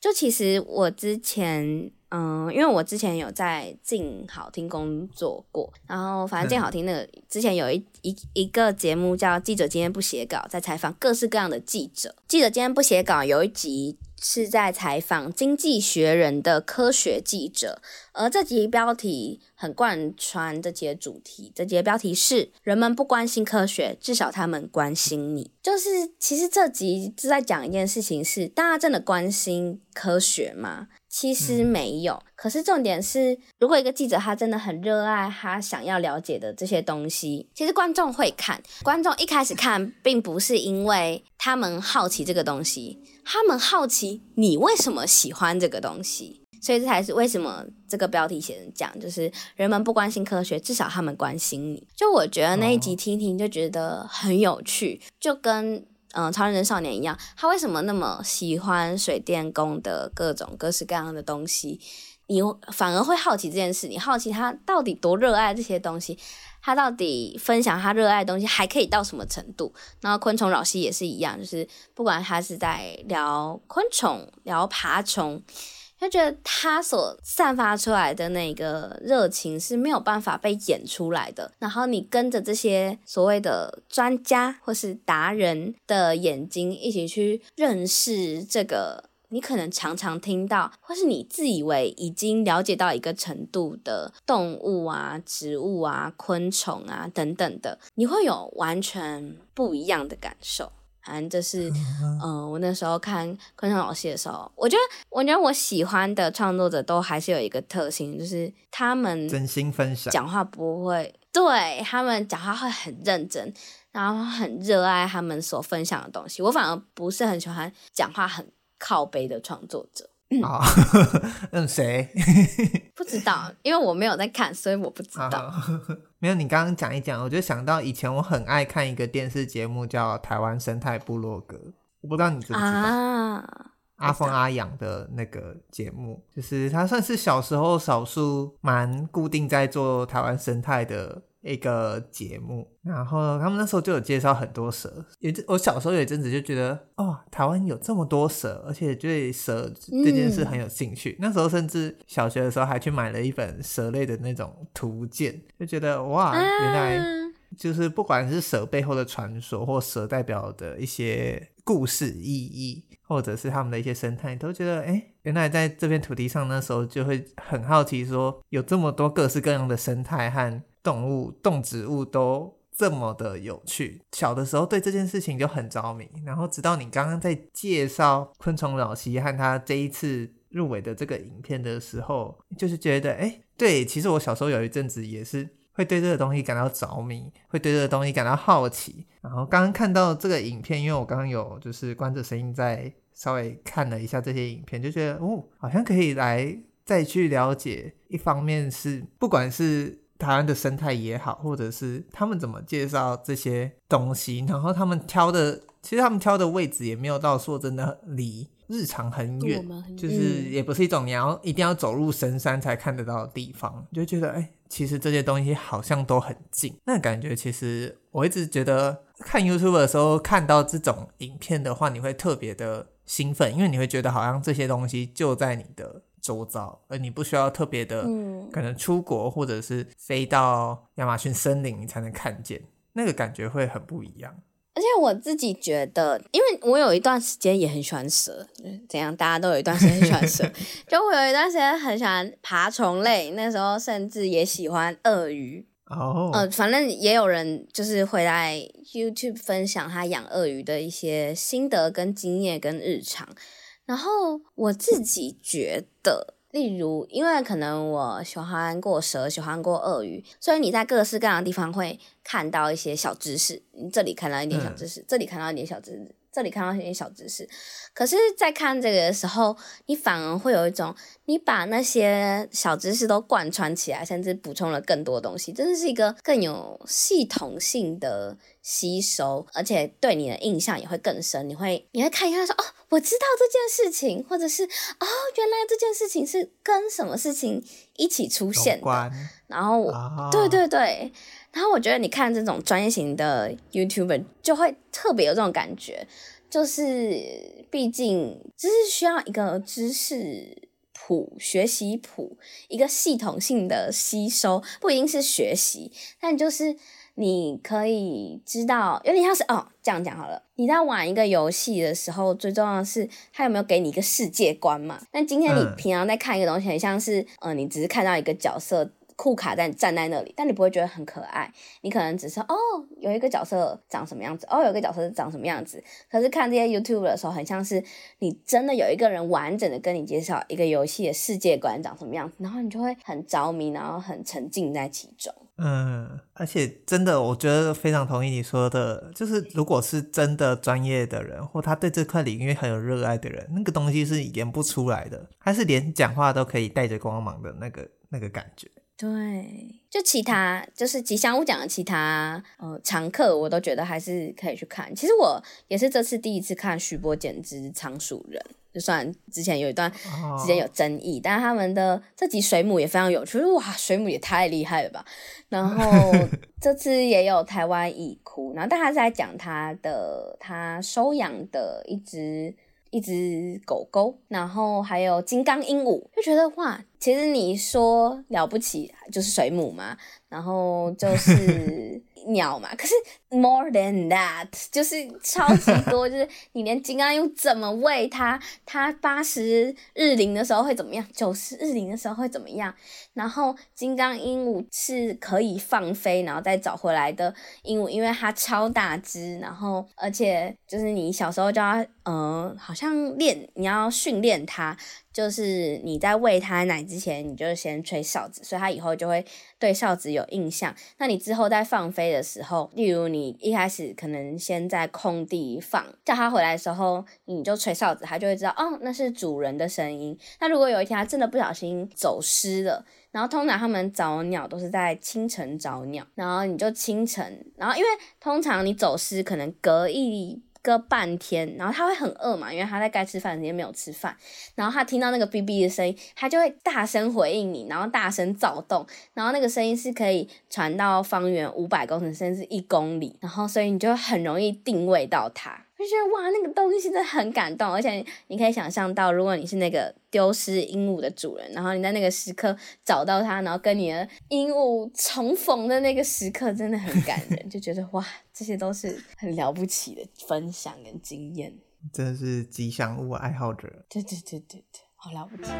就其實我之前。嗯，因為我之前有在鏡好聽工作過，然後反正鏡好聽那個、嗯、之前有一一一,一個節目叫《記者今天不寫稿》，在採訪各式各樣的記者。記者今天不寫稿有一集是在採訪《經濟學人》的科學記者，而這集標題很貫穿這集的主題。這集的標題是“人們不關心科學，至少他們關心你”。就是其實這集是在講一件事情是：是大家真的關心科學嗎？其實沒有，嗯、可是重點是，如果一個記者他真的很熱愛他想要了解的這些東西，其實觀眾會看。觀眾一開始看，並不是因為他們好奇這個東西，他們好奇你為什麼喜歡這個東西。所以這才是為什麼這個標題寫成講，就是人們不關心科學，至少他們關心你。就我覺得那一集聽聽就覺得很有趣，哦、就跟。嗯，超人少年一樣，他為什麼那麼喜歡水電工的各種各式各樣的東西？你反而會好奇這件事，你好奇他到底多熱愛這些東西，他到底分享他熱愛的東西還可以到什麼程度？那昆蟲擾西也是一樣，就是不管他是在聊昆蟲、聊爬蟲。他覺得他所散發出來的那個熱情是沒有辦法被演出來的。然後你跟着這些所謂的專家或是達人的眼睛一起去認識這個，你可能常常聽到或是你自以為已經了解到一個程度的動物啊、植物啊、昆蟲啊等等的，你會有完全不一樣的感受。反正就是，嗯、uh huh. 呃，我那時候看昆蟲老師的時候，我覺得，我覺得我喜歡的創作者都還是有一個特性，就是他們真心分享，講話不會，對，他們講話會很認真，然後很熱愛他們所分享的東西。我反而不是很喜歡講話很靠北的創作者。啊， 嗯，誰？ 不知道，因為我沒有在看，所以我不知道。啊、呵呵沒有，你剛剛講一講，我就想到以前我很愛看一個電視節目，叫《台灣生態部落格》。我不知道你知不知道，啊、阿鳳阿養的那個節目，想就是他算是小時候少數蠻固定在做台灣生態的。一個節目，然後他們那時候就有介紹很多蛇，也我小時候有一陣子就覺得，哦，台灣有這麼多蛇，而且對蛇這件事很有興趣。嗯、那時候甚至小學的時候還去買了一本蛇類的那種圖鑑，就覺得哇，原來就是不管是蛇背後的傳說，或蛇代表的一些故事意義，或者是他們的一些生態，都覺得哎、欸，原來在這片土地上，那時候就會很好奇，說有這麼多各式各樣的生態和。動物、動植物都這麼的有趣。小的時候對這件事情就很着迷，然後直到你剛剛在介紹昆蟲擾西和他這一次入圍的這個影片的時候，就是覺得，哎、欸，對，其實我小時候有一陣子也是會對這個東西感到着迷，會對這個東西感到好奇。然後剛剛看到這個影片，因為我剛剛有就是關着聲音，在稍微看了一下這些影片，就覺得，哦，好像可以來再去了解。一方面是不管是台灣的生態也好，或者是他們怎麼介紹這些東西，然後他們挑的，其實他們挑的位置也沒有到說真的離日常很遠，很就是也不是一種你要、嗯、一定要走入深山才看得到的地方，就覺得哎、欸，其實這些東西好像都很近，那感覺其實我一直覺得看 YouTube 的時候看到這種影片的話，你會特別的興奮，因為你會覺得好像這些東西就在你的。周遭，而你不需要特別的，可能出國或者是飛到亞馬遜森林，你才能看見，那個感覺會很不一樣。而且我自己覺得，因為我有一段時間也很喜歡蛇，怎樣？大家都有一段時間喜歡蛇， 就我有一段時間很喜歡爬蟲類，那時候甚至也喜歡鱷魚。哦、呃，反正也有人就是回來 YouTube 分享他養鱷魚的一些心得、跟經驗、跟日常。然後我自己覺得，例如，因為可能我喜歡過蛇，喜歡過鱷魚，所以你在各式各樣的地方會看到一些小知識。你這裡看到一點小知識，嗯、這裡看到一點小知識。這裡看到一些小知識，可是，在看這個的時候，你反而會有一種，你把那些小知識都貫穿起來，甚至補充了更多東西，真的是一個更有系統性的吸收，而且對你的印象也會更深。你會，你會看一下，說哦，我知道這件事情，或者是哦，原來這件事情是跟什麼事情一起出現的。關然後，啊、對對對。然後我覺得你看這種專業型的 YouTuber 就會特別有這種感覺，就是畢竟就是需要一個知識譜、學習譜，一個系統性的吸收，不一定是學習，但就是你可以知道，有點像是哦，這樣講好了。你在玩一個遊戲的時候，最重要的是它有沒有給你一個世界觀嘛？但今天你平常在看一個東西，很像是呃，你只是看到一個角色。酷卡在站、站在那裡，但你不會覺得很可愛。你可能只是哦，有一個角色長什麼樣子，哦，有一個角色長什麼樣子。可是看這些 YouTube 的時候，很像是你真的有一個人完整的跟你介紹一個遊戲的世界觀長什麼樣子，然後你就會很着迷，然後很沉浸在其中。嗯，而且真的，我覺得非常同意你說的，就是如果是真的專業的人，或他對這塊領域很有熱愛的人，那個東西是演不出來的，他是連講話都可以帶着光芒的那個那個感覺。對，就其他就是吉祥物講的其他呃常客，我都覺得還是可以去看。其實我也是這次第一次看《許伯簡芝倉鼠人》，就算之前有一段時間有爭議，oh。但他們的這集水母也非常有趣，哇，水母也太厲害了吧！然後這次也有台灣已哭，然後大家是在講他的他收養的一只，一隻狗狗，然後還有金剛鸚鵡，就覺得哇，其實你說了不起，就是水母嘛，然後就是。 鳥嘛，可是 more than that 就是超級多， 就是你連金剛鸚怎麼餵它，它八十日齡的時候會怎麼樣，九十日齡的時候會怎麼樣？然後金剛鸚鵡是可以放飛然後再找回來的鸚鵡，因為它超大只，然後而且就是你小時候就要嗯、呃，好像練，你要訓練它。就是你在餵它奶之前，你就先吹哨子，所以它以後就會對哨子有印象。那你之後在放飛的時候，例如你一開始可能先在空地放，叫它回來的時候，你就吹哨子，它就會知道，哦，那是主人的聲音。那如果有一天它真的不小心走失了，然後通常他們找鳥都是在清晨找鳥，然後你就清晨，然後因為通常你走失可能隔一。隔半天，然後他會很餓嘛，因為他在該吃飯的時間沒有吃飯。然後他聽到那個嗶嗶的聲音，他就會大聲回應你，然後大聲躁動，然後那個聲音是可以傳到方圓五百公尺，甚至一公里，然後所以你就很容易定位到它。就覺得哇，那個東西真的很感動，而且你可以想象到，如果你是那個丟失鸚鵡的主人，然後你在那個時刻找到它，然後跟你的鸚鵡重逢的那個時刻，真的很感人。 就覺得哇，這些都是很了不起的分享跟經驗，真的是吉祥物愛好者，對對對對對，好了不起。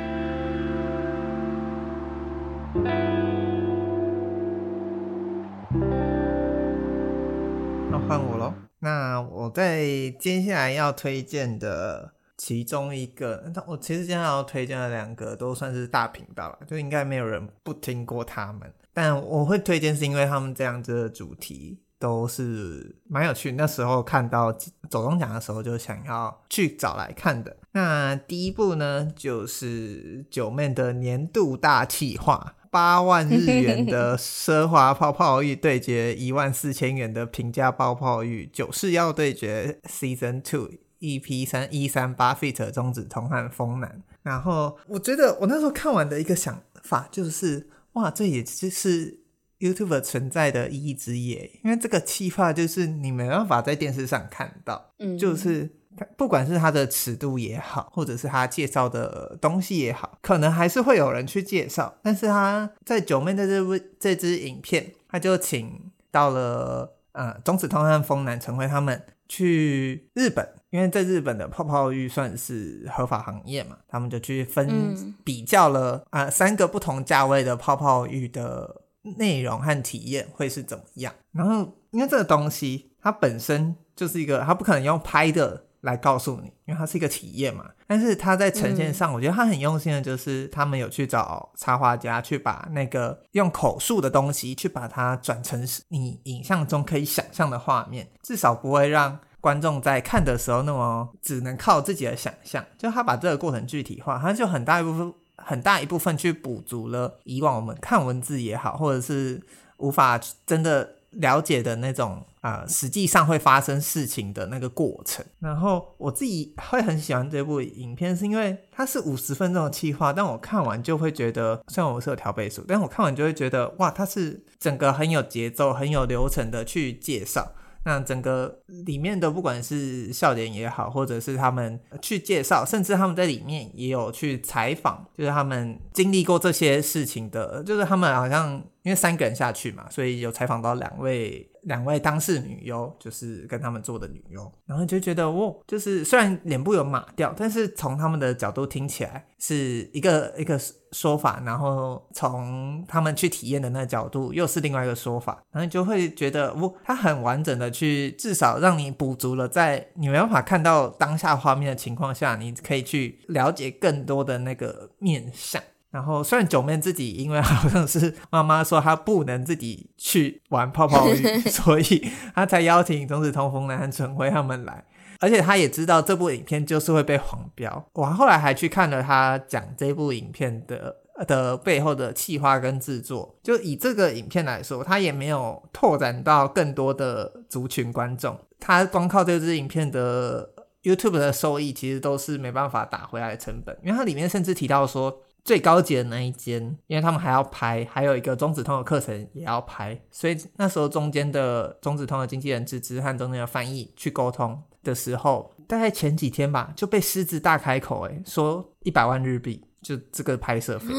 那換我嘍。那我在接下來要推薦的其中一個，我其實接下來要推薦的兩個都算是大頻道了，就應該沒有人不聽過他們。但我會推薦是因為他們這樣子的主題都是蠻有趣。那時候看到走鐘獎的時候，就想要去找來看的。那第一部呢，就是 Joeman 的年度大企劃。八萬日元的奢華泡泡浴對決 一萬四千元的平價泡泡浴，Joe 是要對決 Season Two EP 三一三八 ft. 中指通、瘋男。然後我覺得我那時候看完的一個想法就是，哇，這也就是 YouTube 存在的意義之一耶，因為這個氣泡就是你沒辦法在電視上看到，嗯，就是。不管是他的尺度也好，或者是他介紹的東西也好，可能還是會有人去介紹。但是他在 Joeman 的這部這支影片，他就請到了呃中指通和瘋男成輝他們去日本，因為在日本的泡泡浴算是合法行業嘛，他們就去分、嗯、比較了啊、呃、三個不同價位的泡泡浴的內容和體驗會是怎麼樣。然後因為這個東西它本身就是一個，它不可能用拍的。來告訴你，因為它是一個體驗嘛。但是它在呈現上，嗯、我覺得它很用心的，就是他們有去找插畫家去把那個用口述的東西去把它轉成你影像中可以想象的畫面，至少不會讓觀眾在看的時候那麼只能靠自己的想象。就他把這個過程具體化，他就很大一部分很大一部分去補足了以往我們看文字也好，或者是無法真的。了解的那種啊、呃，實際上會發生事情的那個過程。然後我自己會很喜歡這部影片，是因為它是五十分鐘的企劃，但我看完就會覺得，雖然我是有調倍數，但我看完就會覺得，哇，它是整個很有節奏、很有流程的去介紹。那整個裡面的不管是笑點也好，或者是他們去介紹，甚至他們在裡面也有去採訪，就是他們經歷過這些事情的，就是他們好像。因為三個人下去嘛，所以有採訪到兩位兩位當事女優，就是跟他們做的女優，然後就覺得，哦，就是雖然臉部有碼掉，但是從他們的角度聽起來是一個一個說法，然後從他們去體驗的那個角度又是另外一個說法，然後你就會覺得，哦，他很完整的去至少讓你補足了在，在你沒辦法看到當下畫面的情況下，你可以去了解更多的那個面向。然後，雖然 Joeman 自己因為好像是媽媽說她不能自己去玩泡泡浴， 所以她才邀請中指通、瘋男、陳回他們來。而且她也知道這部影片就是會被黃標。我後來還去看了他講這部影片的的背後的企劃跟製作。就以這個影片來說，他也沒有拓展到更多的族群觀眾。他光靠這支影片的 YouTube 的收益，其實都是沒辦法打回來的成本。因為它裡面甚至提到說，最高級的那一間，因為他們還要拍，還有一個中指通的課程也要拍，所以那時候中間的中指通的經紀人芝芝和中間的翻譯去溝通的時候，大概前幾天吧，就被獅子大開口哎、欸，說一百萬日幣就這個拍攝費，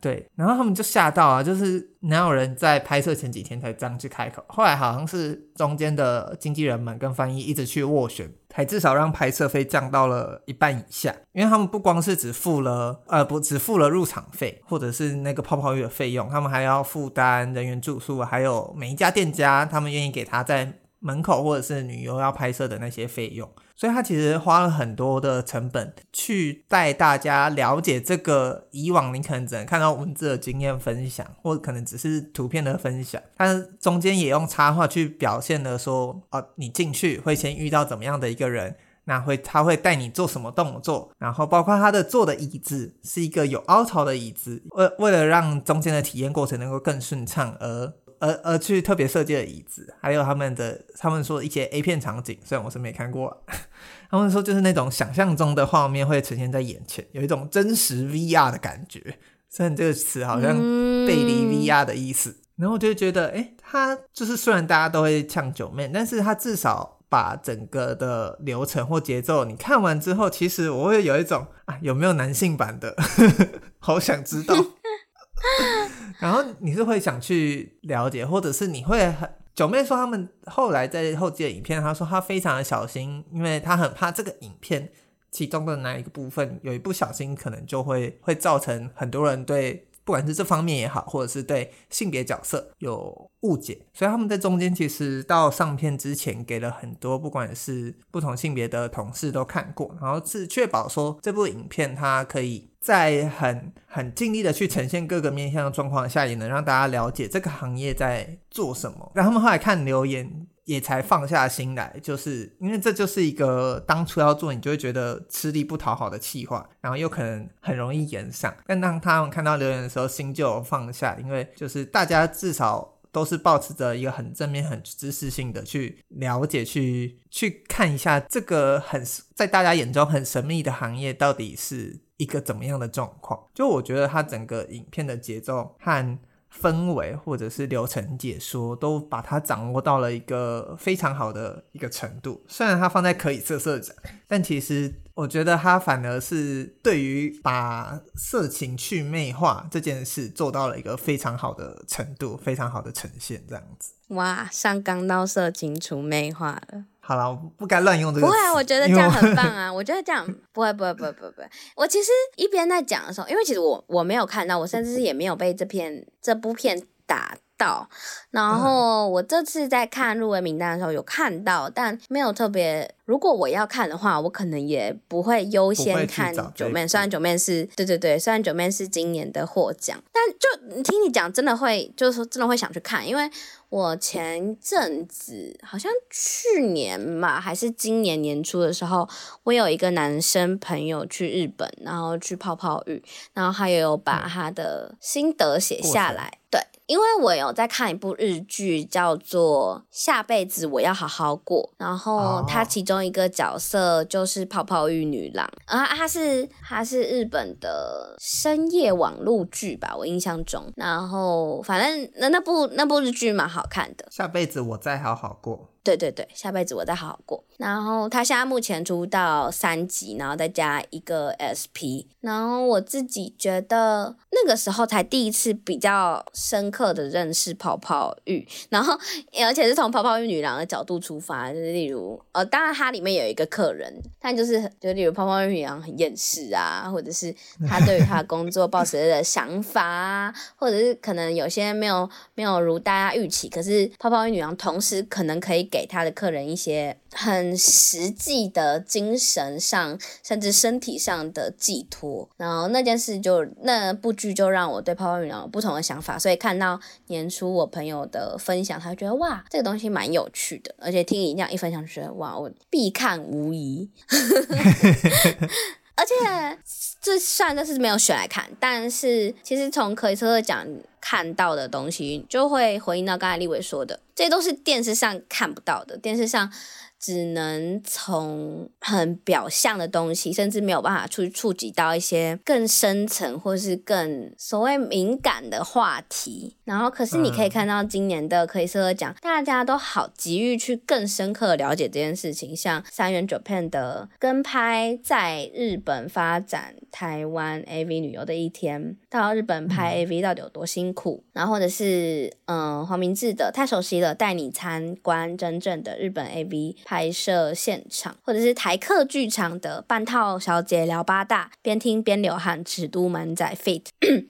對，然後他們就嚇到啊，就是哪有人在拍攝前幾天才這樣去開口？後來好像是中間的經紀人們跟翻譯一直去斡旋。還至少讓拍攝費降到了一半以下，因為他們不光是只付了，呃，不只付了入場費或者是那個泡泡浴的費用，他們還要負擔人員住宿，還有每一家店家他們願意給他在門口或者是女優要拍攝的那些費用。所以他其實花了很多的成本去帶大家了解這個以往你可能只能看到文字的經驗分享，或可能只是圖片的分享，但是中間也用插畫去表現了說，哦，你進去會先遇到怎麼樣的一個人，那會他會帶你做什麼動作，然後包括他的坐的椅子是一個有凹槽的椅子，為為了讓中間的體驗過程能夠更順暢而。而而去特別設計的椅子，還有他們的他們說的一些 A 片場景，雖然我是沒看過，他們說就是那種想象中的畫面會呈現在眼前，有一種真實 VR 的感覺。雖然這個詞好像背離 VR 的意思，嗯、然後我就覺得，哎、欸，他就是雖然大家都會嗆 Joeman，但是他至少把整個的流程或節奏，你看完之後，其實我會有一種啊，有沒有男性版的？呵呵好想知道。 然後你是會想去了解，或者是你會很，九妹說他們後來在後期的影片，她說她非常的小心，因為她很怕這個影片其中的哪一個部分，有一不小心可能就會會造成很多人對。不管是這方面也好，或者是對性別角色有誤解，所以他們在中間其實到上片之前給了很多，不管是不同性別的同事都看過，然後是確保說這部影片它可以在很很盡力的去呈現各個面向的狀況下，也能讓大家了解這個行業在做什麼。然後他們後來看留言。也才放下心來，就是因為這就是一個當初要做，你就會覺得吃力不討好的企劃，然後又可能很容易炎上。但當他們看到留言的時候，心就有放下，因為就是大家至少都是抱持着一個很正面、很知識性的去了解、去去看一下這個很在大家眼中很神秘的行業到底是一個怎麼樣的狀況。就我覺得它整個影片的節奏和，氛圍或者是流程解說，都把它掌握到了一個非常好的一個程度。雖然它放在可以色色講，但其實我覺得它反而是對於把色情去魅化這件事做到了一個非常好的程度，非常好的呈現，這樣子。哇，上綱到色情除魅化了。好了，我不該亂用這個。不會啊，我覺得這樣很棒啊！ 我覺得這樣不會，不會，不會、不會不會，我其實一邊在講的時候，因為其實我我沒有看到，我甚至是也沒有被這片這部片打到。然後我這次在看入圍名單的時候有看到，但沒有特別。如果我要看的話，我可能也不會優先看 Joeman。雖然 Joeman 是對對對，雖然 Joeman 是今年的獲獎，但就聽你講，真的會就是說真的會想去看，因為。我前陣子好像去年嘛，還是今年年初的時候，我有一個男生朋友去日本，然後去泡泡浴，然後他有把他的心得寫下來，嗯、對。因為我有在看一部日劇，叫做《下輩子我要好好過》，然後它其中一個角色就是泡泡浴女郎啊，它是它是日本的深夜網路劇吧，我印象中。然後反正那那部那部日劇蠻好看的，《下輩子我再好好過》。對對對，下輩子我再好好過。然後他現在目前出到三集，然後再加一個 SP。然後我自己覺得那個時候才第一次比較深刻的認識泡泡浴。然後而且是從泡泡浴女郎的角度出發，就是例如呃、哦，當然她裡面有一個客人，但就是就例如泡泡浴女郎很厭世啊，或者是她對於她的工作抱持的想法啊，或者是可能有些沒有沒有如大家預期。可是泡泡浴女郎同時可能可以給給他的客人一些很實際的精神上，甚至身體上的寄托。然後那件事就那部劇就讓我對泡泡浴有不同的想法。所以看到年初我朋友的分享，他覺得哇，這個東西蠻有趣的。而且聽你這樣一分享，覺得哇，我必看無疑。而且。算是，雖然這次沒有選來看，但是其實從可以說的講，看到的東西就會回應到剛才力瑋說的，這些都是電視上看不到的。電視上。只能從很表象的東西，甚至沒有辦法去觸及到一些更深層或是更所謂敏感的話題。然後，可是你可以看到今年的可以說的講，嗯、大家都好急於去更深刻了解這件事情。像三原 JAPAN 的跟拍在日本發展台灣 AV 女優的一天，到日本拍 AV 到底有多辛苦？嗯、然後或者是嗯黃明志的太熟悉了，帶你參觀真正的日本 AV。拍攝現場，或者是台客劇場的半套小姐聊八大，邊聽邊流汗，只 都滿載 fit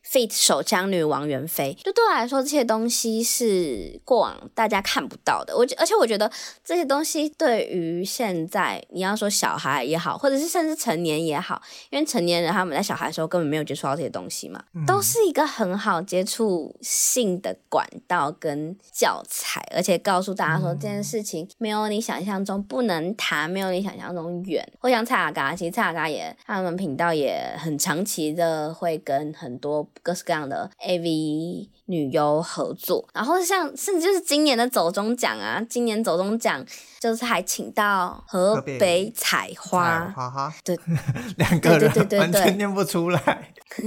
fit 手槍女王袁飛，就對我來說這些東西是過往大家看不到的。我而且我覺得這些東西對於現在你要說小孩也好，或者是甚至成年也好，因為成年人他們在小孩的時候根本沒有接觸到這些東西嘛，嗯、都是一個很好接觸性的管道跟教材，而且告訴大家說、嗯、這件事情沒有你想象中。說不能談，沒有你想象中遠。或像蔡阿嘎，其實蔡阿嘎也，他們頻道也很長期的會跟很多各式各樣的 AV 女優合作。然後像甚至就是今年的走鐘獎啊，今年走鐘獎就是還請到河北彩花，對哈哈，對， 兩個對對對，念不出來。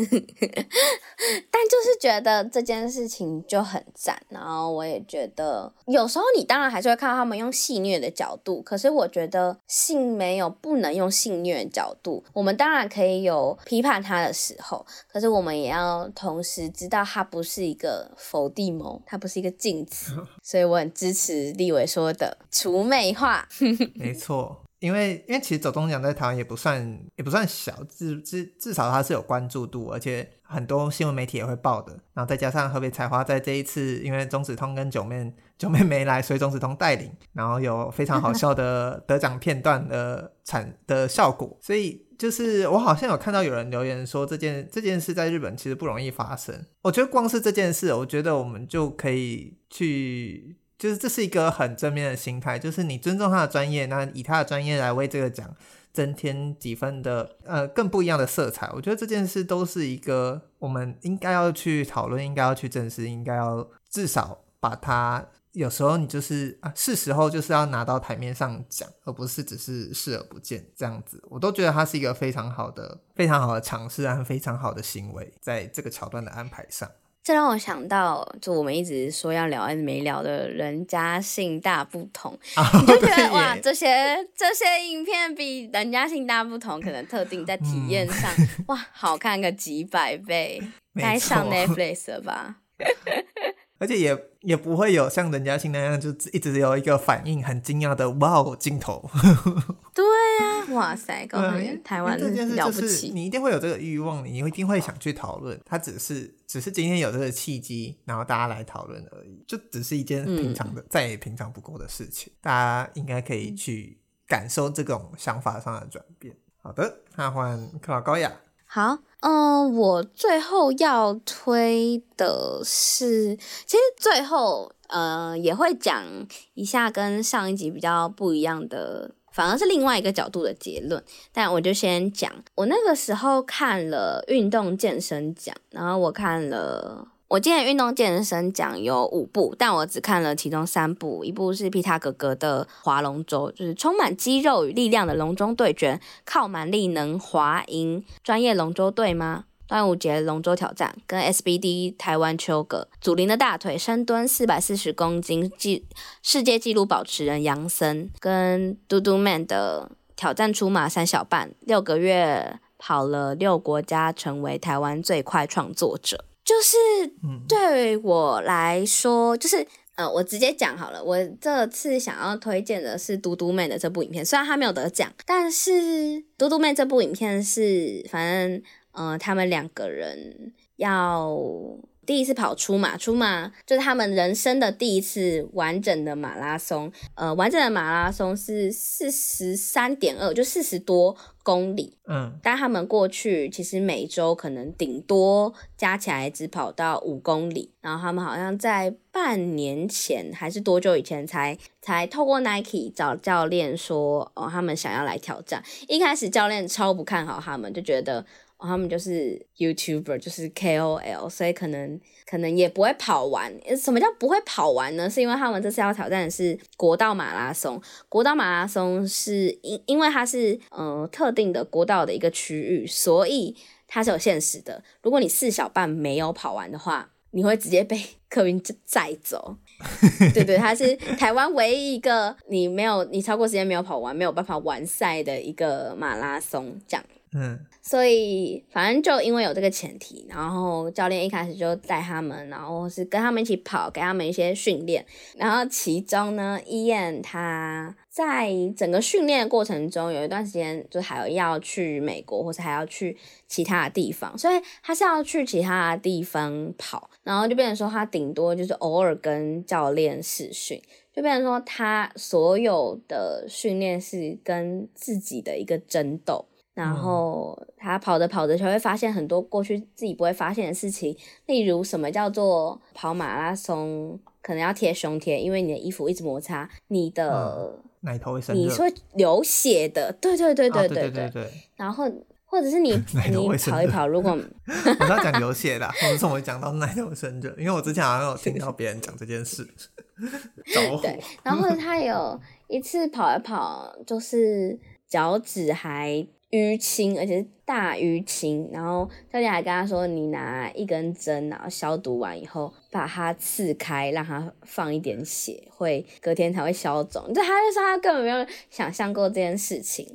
但就是覺得這件事情就很讚。然後我也覺得，有時候你當然還是會看到他們用戲謔的角度。可是我覺得性沒有不能用性虐角度，我們當然可以有批判他的時候，可是我們也要同時知道他不是一個佛地魔，他不是一個禁詞，呵呵所以我很支持力瑋說的 除魅媚化。 沒錯，因為因為其實走鐘獎在台灣也不算也不算小，至至至少他是有關注度，而且。很多新聞媒體也會報的，然後再加上河北彩花在這一次，因為中指通跟九妹九妹沒來，所以中指通帶領，然後有非常好笑的得獎片段的產 的效果，所以就是我好像有看到有人留言說，這件這件事在日本其實不容易發生，我覺得光是這件事，我覺得我們就可以去，就是這是一個很正面的心態，就是你尊重他的專業，那以他的專業來為這個獎。增添幾分的呃更不一樣的色彩，我覺得這件事都是一個我們應該要去討論，應該要去正視，應該要至少把它有時候你就是啊，是時候就是要拿到台面上講，而不是只是視而不見這樣子。我都覺得它是一個非常好的、非常好的嘗試，啊，非常好的行為，在這個橋段的安排上。這讓我想到，就我們一直說要聊而沒聊的人家性大不同，oh, 你就覺得耶哇，這些這些影片，比人家性大不同，可能特定在體驗上，嗯、哇，好看個幾百倍， 該上 Netflix 了吧？錯 而且也也不會有像陳嘉欣那樣，就一直有一個反應很驚訝的“哇哦”鏡頭。 對啊，哇塞，高雅，台灣了不起、嗯嗯、這件事就是你一定會有這個慾望，你一定會想去討論。吧他只是只是今天有這個契機，然後大家來討論而已，就只是一件平常的、嗯、再也平常不過的事情。大家應該可以去感受這種想法上的轉變。嗯、好的，那換克勞高雅。好，嗯，我最後要推的是，其實最後，嗯，也會講一下跟上一集比較不一樣的，反而是另外一個角度的結論。但我就先講，我那個時候看了運動健身獎，然後我看了。我今年運動健身獎有五部，但我只看了其中三部。一部是皮塔格格的划龍舟，就是充滿肌肉與力量的龍舟對決，靠蠻力能划贏專業龍舟隊嗎？端午節龍舟挑戰，跟 SBD 台灣秋哥，祖林的大腿深蹲四百四十公斤，記世界紀錄保持人楊森，跟嘟嘟 man 的挑戰初馬三小半，六個月跑了六國家，成為台灣最快創作者。就是對我來說，就是呃，我直接講好了。我這次想要推薦的是嘟嘟人的這部影片，雖然她沒有得獎，但是嘟嘟人這部影片是，反正呃，他們兩個人要第一次跑出馬，出馬就是他們人生的第一次完整的馬拉松。呃，完整的馬拉松是四十三點二，就四十多。公里，嗯，但他們過去其實每周可能頂多加起來只跑到五公里，然後他們好像在半年前，還是多久以前才，才透過 Nike 找教練說，哦，他們想要來挑戰。一開始教練超不看好他們，就覺得。他們就是 YouTuber，就是 KOL，所以可能可能也不會跑完。什麼叫不會跑完呢？是因為他們這次要挑戰的是國道馬拉松。國道馬拉松是因因為它是嗯、呃、特定的國道的一個區域，所以它是有限時的。如果你四小半沒有跑完的話，你會直接被客運就載走。 對，對對，它是台灣唯一一個你沒有你超過時間沒有跑完沒有辦法完賽的一個馬拉松這樣。嗯，所以反正就因為有這個前提，然後教練一開始就帶他們，然後是跟他們一起跑，給他們一些訓練。然後其中呢，伊院他在整個訓練的過程中，有一段時間就還要去美國，或者還要去其他的地方，所以他是要去其他的地方跑，然後就變成說他頂多就是偶爾跟教練視訊，就變成說他所有的訓練是跟自己的一個爭鬥。然後他跑着跑着，就會發現很多過去自己不會發現的事情，嗯、例如什麼叫做跑馬拉松，可能要貼胸貼，因為你的衣服一直摩擦你的、呃、奶頭會生熱，你說流血的。對對對對對、啊、對,對,對對。然後，或者是你 你跑一跑，如果 我是要講流血的，從 我講到奶頭生的因為我之前好像有聽到別人講這件事。 走對，然後他有一次跑一跑， 就是腳趾還。淤青，而且是大淤青。然後教練還跟他說：“你拿一根針，然後消毒完以後，把它刺開，讓它放一點血，會隔天才會消腫。”就他就說他根本沒有想象過這件事情。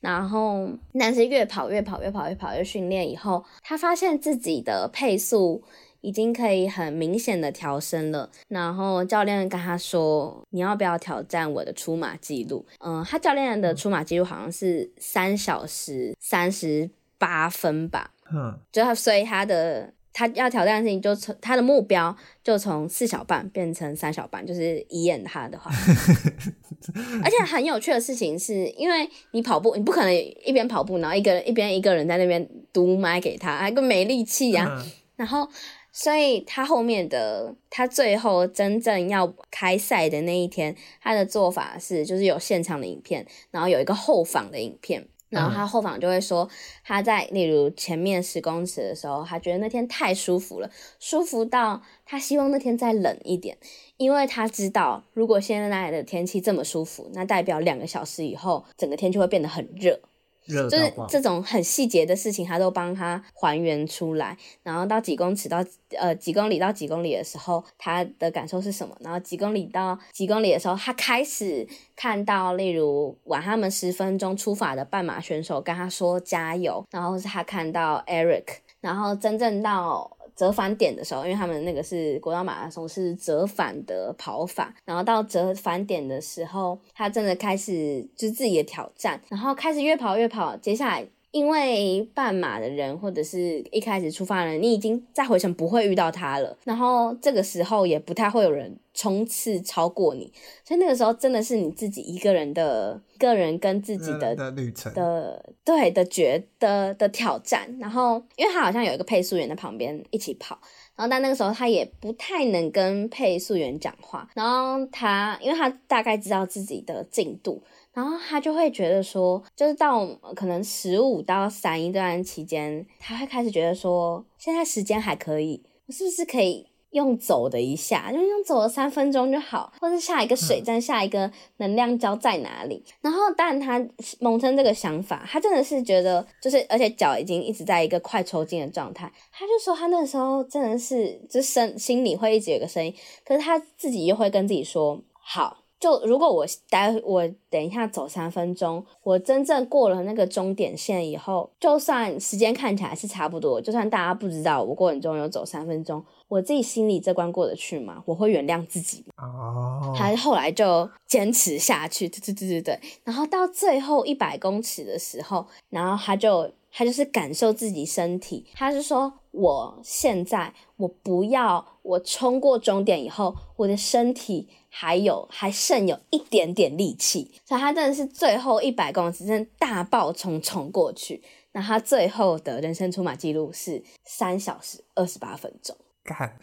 然後男生越跑越跑越跑越跑越訓練以後，他發現自己的配速。已經可以很明顯的調升了，然後教練跟他說：“你要不要挑戰我的初馬記錄？”嗯，他教練的初馬記錄好像是三小時三十八分吧。嗯，就所以他的他要挑戰的事情就從他的目標就從四小半變成三小半，就是一演他的話。 而且很有趣的事情是，因為你跑步，你不可能一邊跑步，然後一個一邊一個人在那邊讀麥給他，還更沒力氣呀、啊。嗯、然後。所以他後面的，他最後真正要開賽的那一天，他的做法是，就是有現場的影片，然後有一個後訪的影片，然後他後訪就會說，他在例如前面十公尺的時候，他覺得那天太舒服了，舒服到他希望那天再冷一點，因為他知道如果現在的天氣這麼舒服，那代表兩個小時以後整個天就會變得很熱。就是這種很細節的事情，他都幫他還原出來。然後到幾公尺到，到呃幾公里，到幾公里的時候，他的感受是什麼？然後幾公里到幾公里的時候，他開始看到，例如晚他們十分鐘出發的半馬選手跟他說加油，然後是他看到 Eric，然後真正到。折返點的時候，因為他們那個是國道馬拉松，是折返的跑法。然後到折返點的時候，他真的開始就自己的挑戰，然後開始越跑越跑。接下來，因為半馬的人或者是一開始出發的人，你已經在回程不會遇到他了。然後這個時候也不太會有人衝刺超過你，所以那個時候真的是你自己一個人的。個人跟自己的，的旅程的對的覺得的，的挑戰，然後因為他好像有一個配速員在旁邊一起跑，然後但那個時候他也不太能跟配速員講話，然後他因為他大概知道自己的進度，然後他就會覺得說，就是到可能十五到三一段期間，他會開始覺得說，現在時間還可以，我是不是可以？用走的一下，就用走了三分鐘就好，或是下一個水站，下一個能量膠在哪裡？嗯，然後，當然他萌生這個想法，他真的是覺得，就是而且腳已經一直在一個快抽筋的狀態，他就說他那時候真的是，就身，心裡會一直有一個聲音，可是他自己又會跟自己說好。就如果我待，我等一下走三分鐘，我真正過了那個終點線以後，就算時間看起來是差不多，就算大家不知道我過程中有走三分鐘，我自己心裡這關過得去嗎？我會原諒自己嗎？他、oh. 後來就堅持下去，對對對對對，然後到最後一百公尺的時候，然後他就他就是感受自己身體，他是說。我現在，我不要，我衝過終點以後，我的身體還有，還剩有一點點力氣，所以他真的是最後一百公尺，真大爆衝衝過去。那他最後的人生初馬記錄是三小時二十八分鐘。干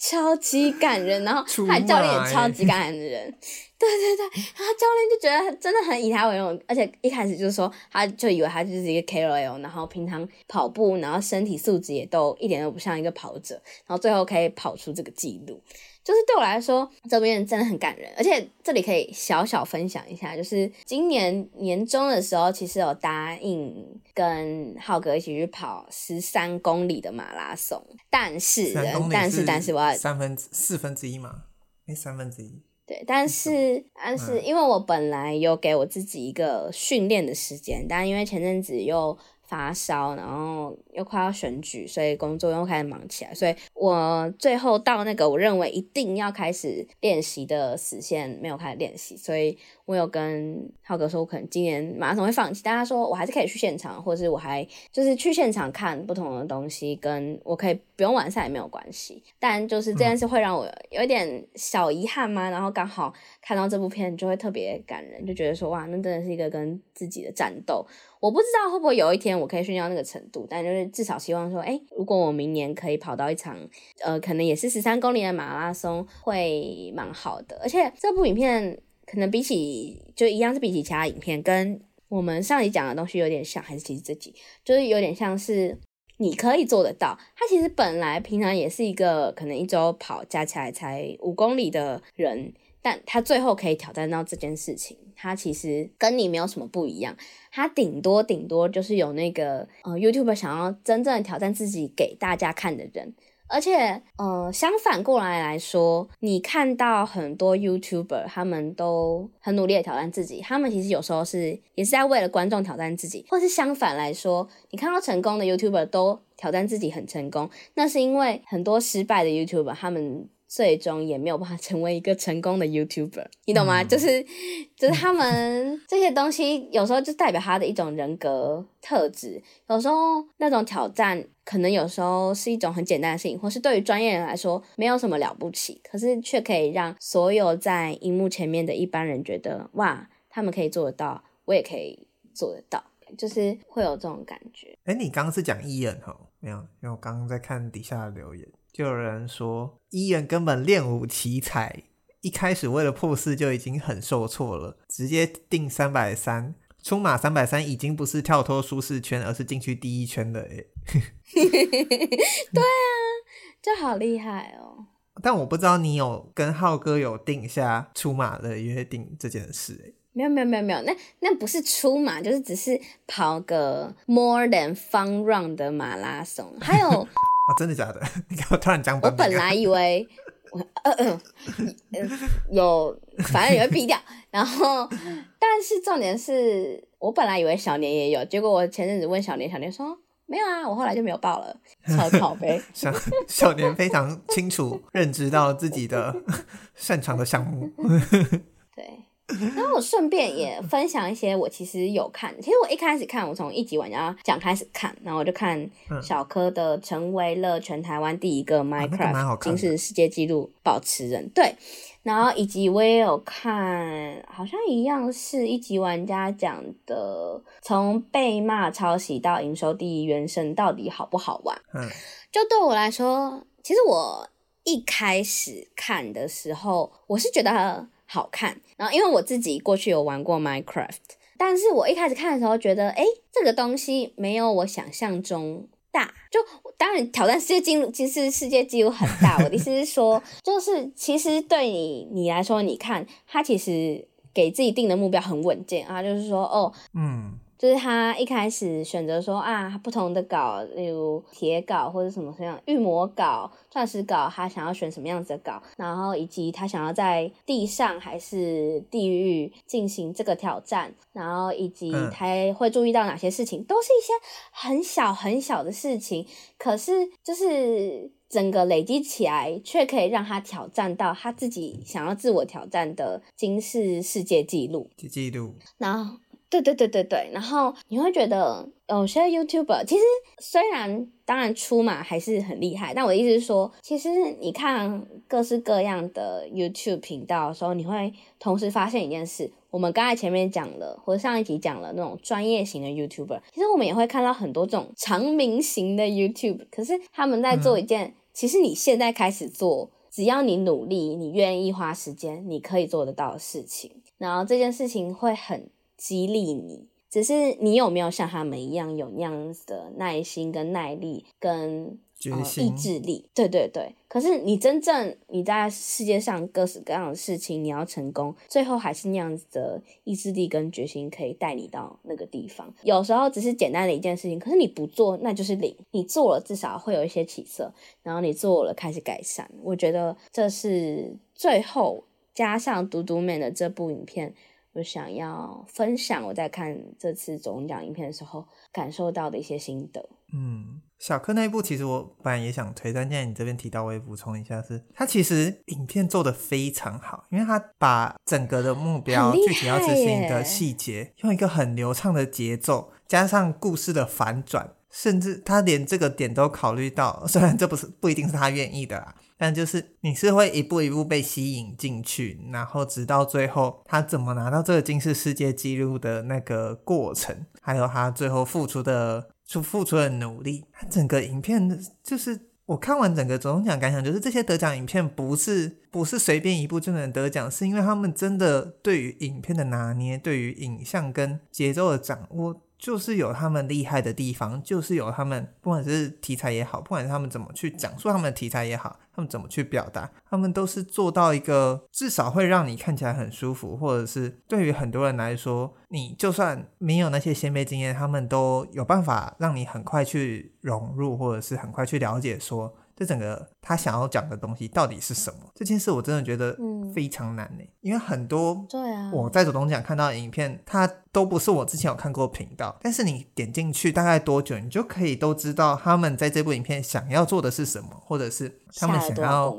超級感人，然後他教練也超級感人的人，欸、對對對，然後教練就覺得他真的很以他為榮，而且一開始就是說，他就以為他就是一個 KOL，然後平常跑步，然後身體素質也都一點都不像一個跑者，然後最後可以跑出這個紀錄。就是對我來說，這邊真的很感人，而且這裡可以小小分享一下，就是今年年中的時候，其實我答應跟浩哥一起去跑十三公里的馬拉松，但是,是但是但是我要三分之四分之一嘛，欸、三分之一，對，但是但是因為我本來有給我自己一個訓練的時間，嗯、但因為前陣子又。發燒，然後又快要選舉，所以工作又開始忙起來，所以我最後到那個我認為一定要開始練習的時限，沒有開始練習，所以我有跟浩哥說，我可能今年馬上會放棄。但他說我還是可以去現場，或者是我還就是去現場看不同的東西，跟我可以。不用完賽也沒有關係，但就是這件事會讓我有一點小遺憾嘛。嗯、然後剛好看到這部片就會特別感人，就覺得說哇，那真的是一個跟自己的戰鬥。我不知道會不會有一天我可以訓練到那個程度，但就是至少希望說，誒、欸，如果我明年可以跑到一場，呃，可能也是十三公里的馬拉松，會蠻好的。而且這部影片可能比起就一樣是比起其他影片，跟我們上集講的東西有點像，還是其實這集就是有點像是。你可以做得到。他其實本來平常也是一個可能一週跑加起來才五公里的人，但他最後可以挑戰到這件事情，他其實跟你沒有什麼不一樣。他頂多頂多就是有那個呃，YouTuber 想要真正的挑戰自己給大家看的人。而且，呃，相反過來來說，你看到很多 YouTuber 他們都很努力的挑戰自己，他們其實有時候是也是在為了觀眾挑戰自己，或是相反來說，你看到成功的 YouTuber 都挑戰自己很成功，那是因為很多失敗的 YouTuber 他們。最終也沒有辦法成為一個成功的 YouTuber，你懂嗎？嗯、就是，就是他們這些東西有時候就代表他的一種人格特質。有時候那種挑戰，可能有時候是一種很簡單的事情，或是對於專業人來說沒有什麼了不起，可是卻可以讓所有在螢幕前面的一般人覺得，哇，他們可以做得到，我也可以做得到，就是會有這種感覺。誒，你剛剛是講藝人哈？沒有，因為我剛剛在看底下的留言。就有人說，醫院根本練武奇才，一開始為了破四就已經很受挫了，直接定三百三出馬三百三，已經不是跳脫舒適圈，而是進去第一圈了嘿嘿。 對啊，就好厲害哦。但我不知道你有跟浩哥有定下出馬的約定這件事哎。沒有沒有沒有沒有，那那不是出馬，就是只是跑個 more than fun run 的馬拉松，還有。 啊、真的假的？你給我突然講、啊、我本來以為、呃呃、有，反正也會斃掉。 然後，但是重點是我本來以為小年也有，結果我前陣子問小年，小年說沒有啊，我後來就沒有報了，唄。 小年非常清楚認知到自己的 擅長的項目， 對。 然後我順便也分享一些我其實有看，其實我一開始看，我從一級玩家講開始看，然後我就看小柯的成為了全台灣第一個 Minecraft，金氏世界紀錄保持人，對，然後以及我也有看，好像一樣是一級玩家講的，從被罵抄襲到營收第一，《原神》到底好不好玩？就對我來說，其實我一開始看的時候，我是覺得。好看，然後因為我自己過去有玩過 Minecraft，但是我一開始看的時候覺得，誒，這個東西沒有我想象中大。就當然挑戰世界紀錄，其實世界紀錄很大。我的意思是說， 就是其實對你你來說，你看他其實給自己定的目標很穩健啊，就是說哦，嗯。就是他一開始選擇說啊，不同的鎬，例如鐵鎬或者什麼什麼樣，預模稿、鑽石鎬，他想要選什麼樣子的鎬，然後以及他想要在地上還是地獄進行這個挑戰，然後以及他會注意到哪些事情，都是一些很小很小的事情，可是就是整個累積起來，卻可以讓他挑戰到他自己想要自我挑戰的金氏世界紀錄。紀錄。然後對對對對對，然後你會覺得有些、哦、YouTuber 其實雖然當然出嘛還是很厲害，但我的意思是說，其實你看各式各樣的 YouTube 頻道的時候，你會同時發現一件事：我們剛才前面講了，或者上一集講了那種專業型的 YouTuber，其實我們也會看到很多這種常民型的 YouTube，可是他們在做一件、嗯、其實你現在開始做，只要你努力，你願意花時間，你可以做得到的事情。然後這件事情會很。激勵你，只是你有沒有像他們一樣有那樣子的耐心跟耐力跟決心、呃、意志力？對對對。可是你真正你在世界上各式各樣的事情，你要成功，最後還是那樣子的意志力跟決心可以帶你到那個地方。有時候只是簡單的一件事情，可是你不做，那就是零，你做了至少會有一些起色，然後你做了開始改善。我覺得這是最後加上《嘟嘟人》的這部影片。我想要分享我在看這次走鐘獎影片的時候感受到的一些心得。嗯，小柯那一部其實我本來也想推，但現在你這邊提到，我也補充一下是，是他其實影片做得非常好，因為他把整個的目標、具體要執行的細節，用一個很流暢的節奏，加上故事的反轉，甚至他連這個點都考慮到，雖然這不是不一定是他願意的。但就是你是會一步一步被吸引進去，然後直到最後他怎麼拿到這個金氏世界紀錄的那個過程，還有他最後付出的出付出的努力，他整個影片就是我看完整個走鐘獎感想就是這些得獎影片不是不是隨便一部就能得獎，是因為他們真的對於影片的拿捏，對於影像跟節奏的掌握。就是有他們厲害的地方，就是有他們，不管是題材也好，不管是他們怎麼去講述他們的題材也好，他們怎麼去表達，他們都是做到一個至少會讓你看起來很舒服，或者是對於很多人來說，你就算沒有那些先備經驗，他們都有辦法讓你很快去融入，或者是很快去了解說。這整個他想要講的東西到底是什麼？這件事我真的覺得非常難呢，嗯、因為很多對啊，我在走鐘獎看到的影片，它都不是我之前有看過的頻道。但是你點進去大概多久，你就可以都知道他們在這部影片想要做的是什麼，或者是他們想要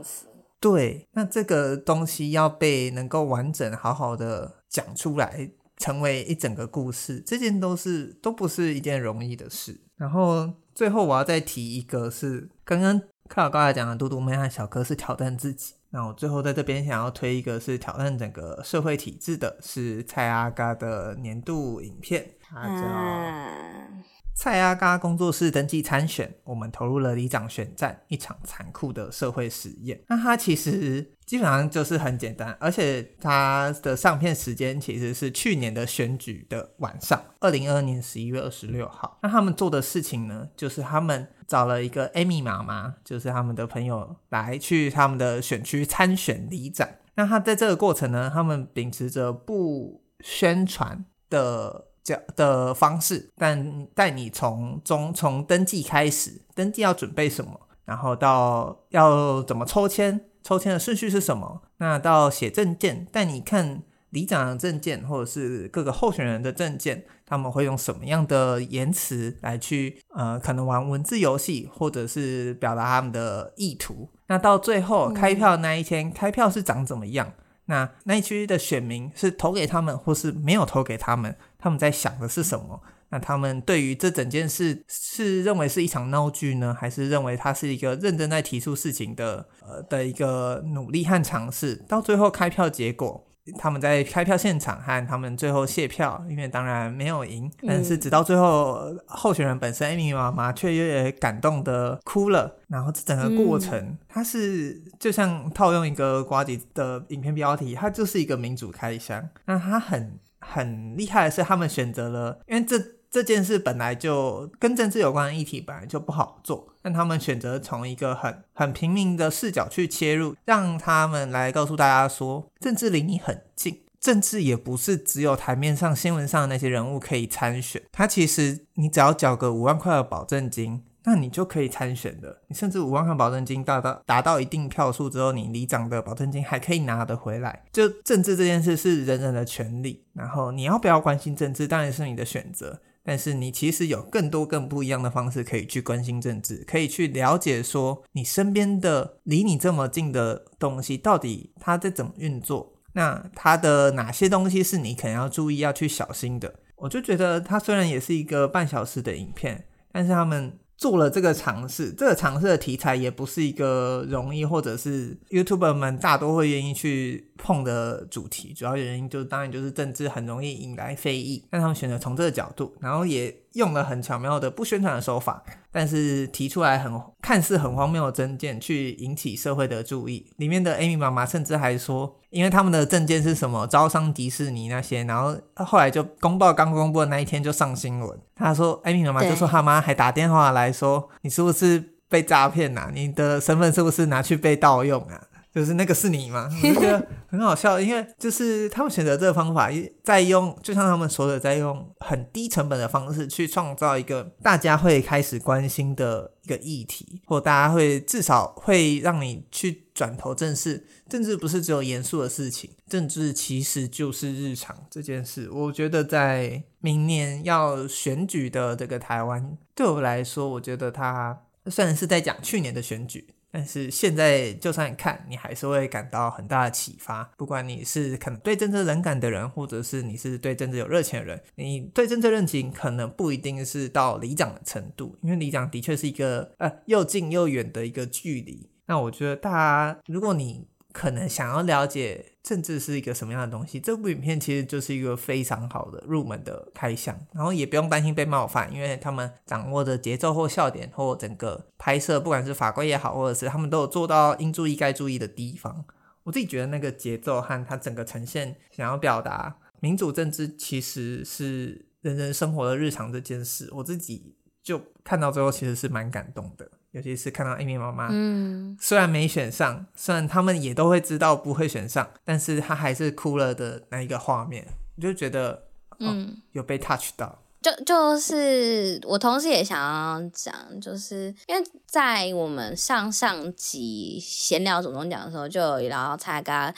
對，對。那這個東西要被能夠完整好好的講出來，成為一整個故事，這件都是都不是一件容易的事。然後最後我要再提一個是，是剛剛。看我剛才講的嘟嘟妹和小柯是挑戰自己，那我最後在這邊想要推一個是挑戰整個社會體制的，是蔡阿嘎的年度影片，他叫。啊蔡阿嘎工作室登記參選，我們投入了里長選戰，一場殘酷的社會實驗。那它其實基本上就是很簡單，而且它的上片時間其實是去年的選舉的晚上，二零二二年十一月二十六號。那他們做的事情呢，就是他們找了一個 Amy 媽媽，就是他們的朋友來去他們的選區參選里長。那他在這個過程呢，他們秉持着不宣傳的。的方式，但帶你從中從登記開始，登記要準備什麼，然後到要怎麼抽籤，抽籤的順序是什麼？那到寫證件，帶你看里長的證件或者是各個候選人的證件，他們會用什麼樣的言辭來去呃，可能玩文字遊戲，或者是表達他們的意圖。那到最後、嗯、開票那一天，開票是長怎麼樣？那那一區的選民是投給他們，或是沒有投給他們？他們在想的是什麼？那他們對於這整件事是認為是一場鬧劇呢，還是認為他是一個認真在提出事情的呃的一個努力和嘗試？到最後開票結果。他們在開票現場和他們最後謝票，因為當然沒有贏，嗯、但是直到最後，候選人本身 Amy 媽媽卻也感動的哭了。然後這整個過程，嗯、它是就像套用一個呱吉的影片標題，它就是一個民主開箱。那他很很厲害的是，他們選擇了，因為這。這件事本來就跟政治有關的議題本來就不好做，但他們選擇從一個很很平民的視角去切入，讓他們來告訴大家說，政治離你很近，政治也不是只有台面上新聞上的那些人物可以參選，他其實你只要繳個五萬塊的保證金，那你就可以參選的，你甚至五萬塊保證金達到達到一定票數之後，你里長的保證金還可以拿得回來。就政治這件事是人人的權利，然後你要不要關心政治，當然是你的選擇。但是你其實有更多、更不一樣的方式可以去關心政治，可以去了解說你身邊的離你這麼近的東西到底它在怎麼運作，那它的哪些東西是你可能要注意、要去小心的？我就覺得它雖然也是一個半小時的影片，但是他們。做了這個嘗試，這個嘗試的題材也不是一個容易，或者是 YouTuber 們大多會願意去碰的主題，主要原因就是，當然就是政治很容易引來非議，但他們選擇從這個角度，然後也用了很巧妙的不宣傳的手法。但是提出來很看似很荒謬的政見去引起社會的注意，裡面的艾米媽媽甚至還說，因為他們的政見是什麼招商迪士尼那些，然後後來就公報剛公布的那一天就上新聞，他說艾米媽媽就說他媽還打電話來說，你是不是被詐騙啊？你的身份是不是拿去被盜用啊？就是那個是你嗎？我就覺得很好笑，因為就是他們選擇這個方法，在用，就像他們說的，在用很低成本的方式去創造一個大家會開始關心的一個議題，或大家會至少會讓你去轉頭正視政治，政治不是只有嚴肅的事情，政治其實就是日常這件事。我覺得在明年要選舉的這個台灣，對我來說，我覺得他算是在講去年的選舉。但是現在就算看，你還是會感到很大的啟發。不管你是可能對政治冷感的人，或者是你是對政治有熱情的人，你對政治熱情可能不一定是到里長的程度，因為里長的確是一個呃又近又遠的一個距離。那我覺得大家，如果你。可能想要了解政治是一個什麼樣的東西，這部影片其實就是一個非常好的入門的開箱，然後也不用擔心被冒犯，因為他們掌握的節奏或笑點或整個拍攝，不管是法規也好，或者是他們都有做到應注意該注意的地方。我自己覺得那個節奏和他整個呈現，想要表達民主政治其實是人人生活的日常這件事，我自己就看到最後其實是蠻感動的。尤其是看到 Amy 媽媽，嗯，雖然沒選上，雖然他們也都會知道不會選上，但是他還是哭了的那一個畫面，我就覺得，哦、嗯，有被 touch 到。就就是我同時也想要講，就是因為在我們上上集閒聊走鐘獎的時候，就有聊到蔡阿嘎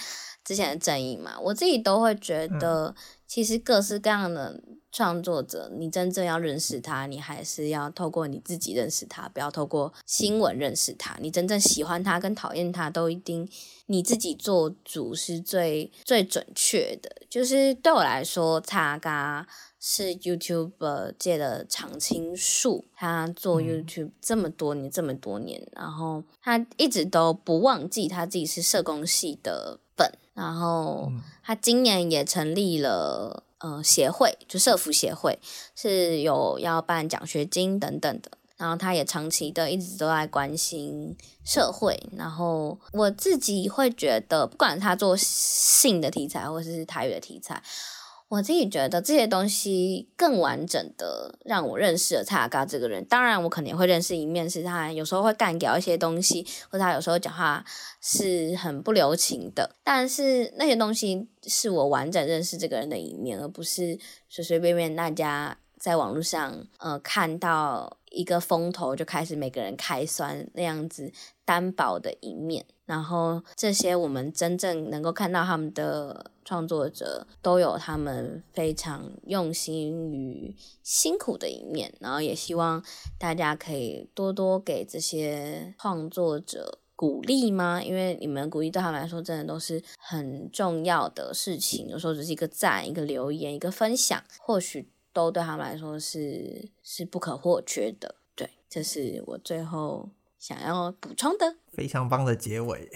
之前的爭議嘛，我自己都會覺得。嗯。其實各式各樣的創作者，你真正要認識他，你還是要透過你自己認識他，不要透過新聞認識他。你真正喜歡他跟討厭他，都一定你自己做主是最最準確的。就是對我來說，阿嘎是 YouTuber 界的常青樹，他做 YouTube 這麼多年，嗯，這麼多年，然後他一直都不忘記他自己是社工系的本。然後他今年也成立了呃協會，就社福協會是有要辦獎學金等等的。然後他也長期的一直都在關心社會。嗯、然後我自己會覺得，不管他做性的題材或者是台語的題材。我自己覺得這些東西更完整的讓我認識了蔡阿嘎這個人。當然，我可能也會認識一面是他有時候會幹掉一些東西，或者他有時候講話是很不留情的。但是那些東西是我完整認識這個人的一面，而不是隨隨便便大家在網絡上呃看到。一個風頭就開始，每個人開酸那樣子單薄的一面，然後這些我們真正能夠看到他們的創作者都有他們非常用心與辛苦的一面，然後也希望大家可以多多給這些創作者鼓勵嘛，因為你們的鼓勵對他們來說真的都是很重要的事情，有時候只是一個讚、一個留言、一個分享，或許。都對他們來說是是不可或缺的，對，這是我最後想要補充的，非常棒的結尾。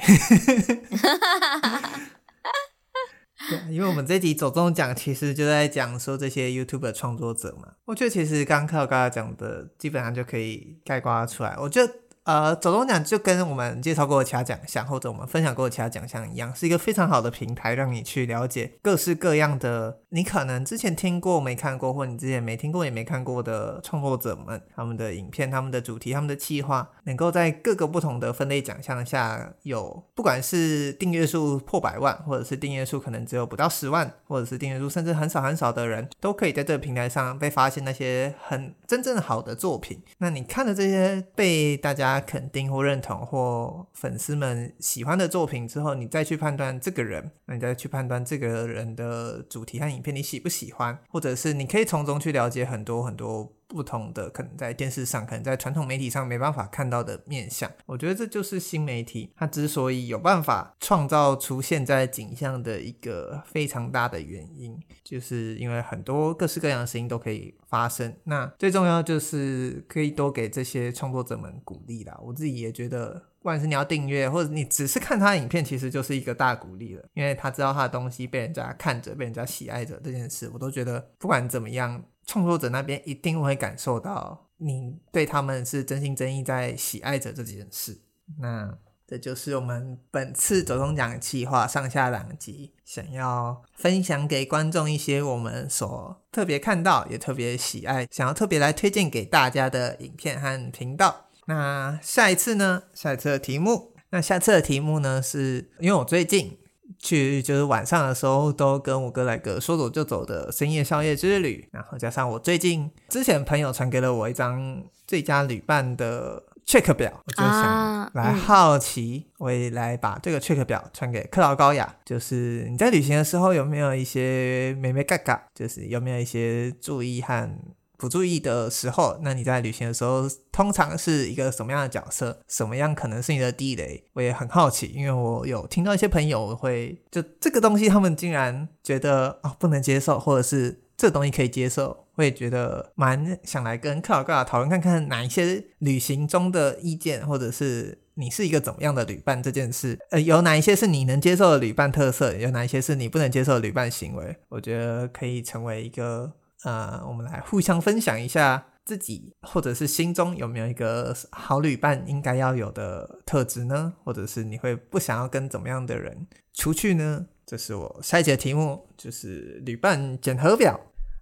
對，因為我們這集着重講，其實就在講說這些 YouTube 創作者嘛，我覺得其實剛剛到剛剛講的，基本上就可以概括出來。我覺得。呃，走鐘獎就跟我們介紹過的其他獎項，或者我們分享過的其他獎項一樣，是一個非常好的平台，讓你去了解各式各樣的你可能之前聽過沒看過，或你之前沒聽過也沒看過的創作者們，他們的影片、他們的主題、他們的企劃，能夠在各個不同的分類獎項下有，不管是訂閱數破百萬，或者是訂閱數可能只有不到十萬，或者是訂閱數甚至很少很少的人，都可以在這個平台上被發現那些很真正好的作品。那你看的這些被大家那肯定、或認同、或粉絲們喜歡的作品之後，你再去判斷這個人，那你再去判斷這個人的主題和影片，你喜不喜歡，或者是你可以從中去了解很多很多。不同的可能在電視上，可能在傳統媒體上沒辦法看到的面向，我覺得這就是新媒體它之所以有辦法創造出現在景象的一個非常大的原因，就是因為很多各式各樣的事情都可以發生。那最重要就是可以多給這些創作者們鼓勵啦。我自己也覺得，不管是你要訂閱，或者你只是看他的影片，其實就是一個大鼓勵了，因為他知道他的東西被人家看着、被人家喜愛着這件事，我都覺得不管怎麼樣。創作者那邊一定會感受到，你對他們是真心真意在喜愛着這件事。那這就是我們本次走鐘獎企劃上下兩集想要分享給觀眾一些我們所特別看到、也特別喜愛、想要特別來推薦給大家的影片和頻道。那下一次呢？下一次的題目，那下次的題目呢是，是因為我最近去就是晚上的時候，都跟我哥來個說走就走的深夜宵夜之旅。然後加上我最近之前朋友傳給了我一張最佳旅伴的 check 表，我就想來好奇，啊嗯、我也來把這個 check 表傳給克勞高雅，就是你在旅行的時候有沒有一些眉眉角角，就是有沒有一些注意和不注意的時候，那你在旅行的時候，通常是一個什麼樣的角色？什麼樣可能是你的地雷？我也很好奇，因為我有聽到一些朋友會就這個東西，他們竟然覺得啊、哦、不能接受，或者是這東西可以接受，會覺得蠻想來跟克勞高雅討論看看哪一些旅行中的意見，或者是你是一個怎麼樣的旅伴這件事？呃，有哪一些是你能接受的旅伴特色？有哪一些是你不能接受的旅伴行為？我覺得可以成為一個。呃，我們來互相分享一下自己或者是心中有沒有一個好旅伴應該要有的特質呢？或者是你會不想要跟怎麼樣的人出去呢？這是我下一節題目，就是旅伴檢核表。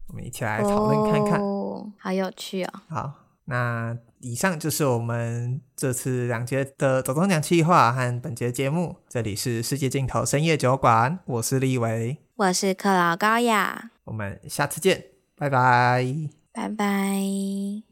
我們一起來討論看看。哦，好有趣哦。好，那以上就是我們這次兩節的“走鐘獎企劃和本節節目。這裡是世界盡頭深夜酒館，我是力瑋，我是克勞高雅，我們下次見。拜拜，拜拜。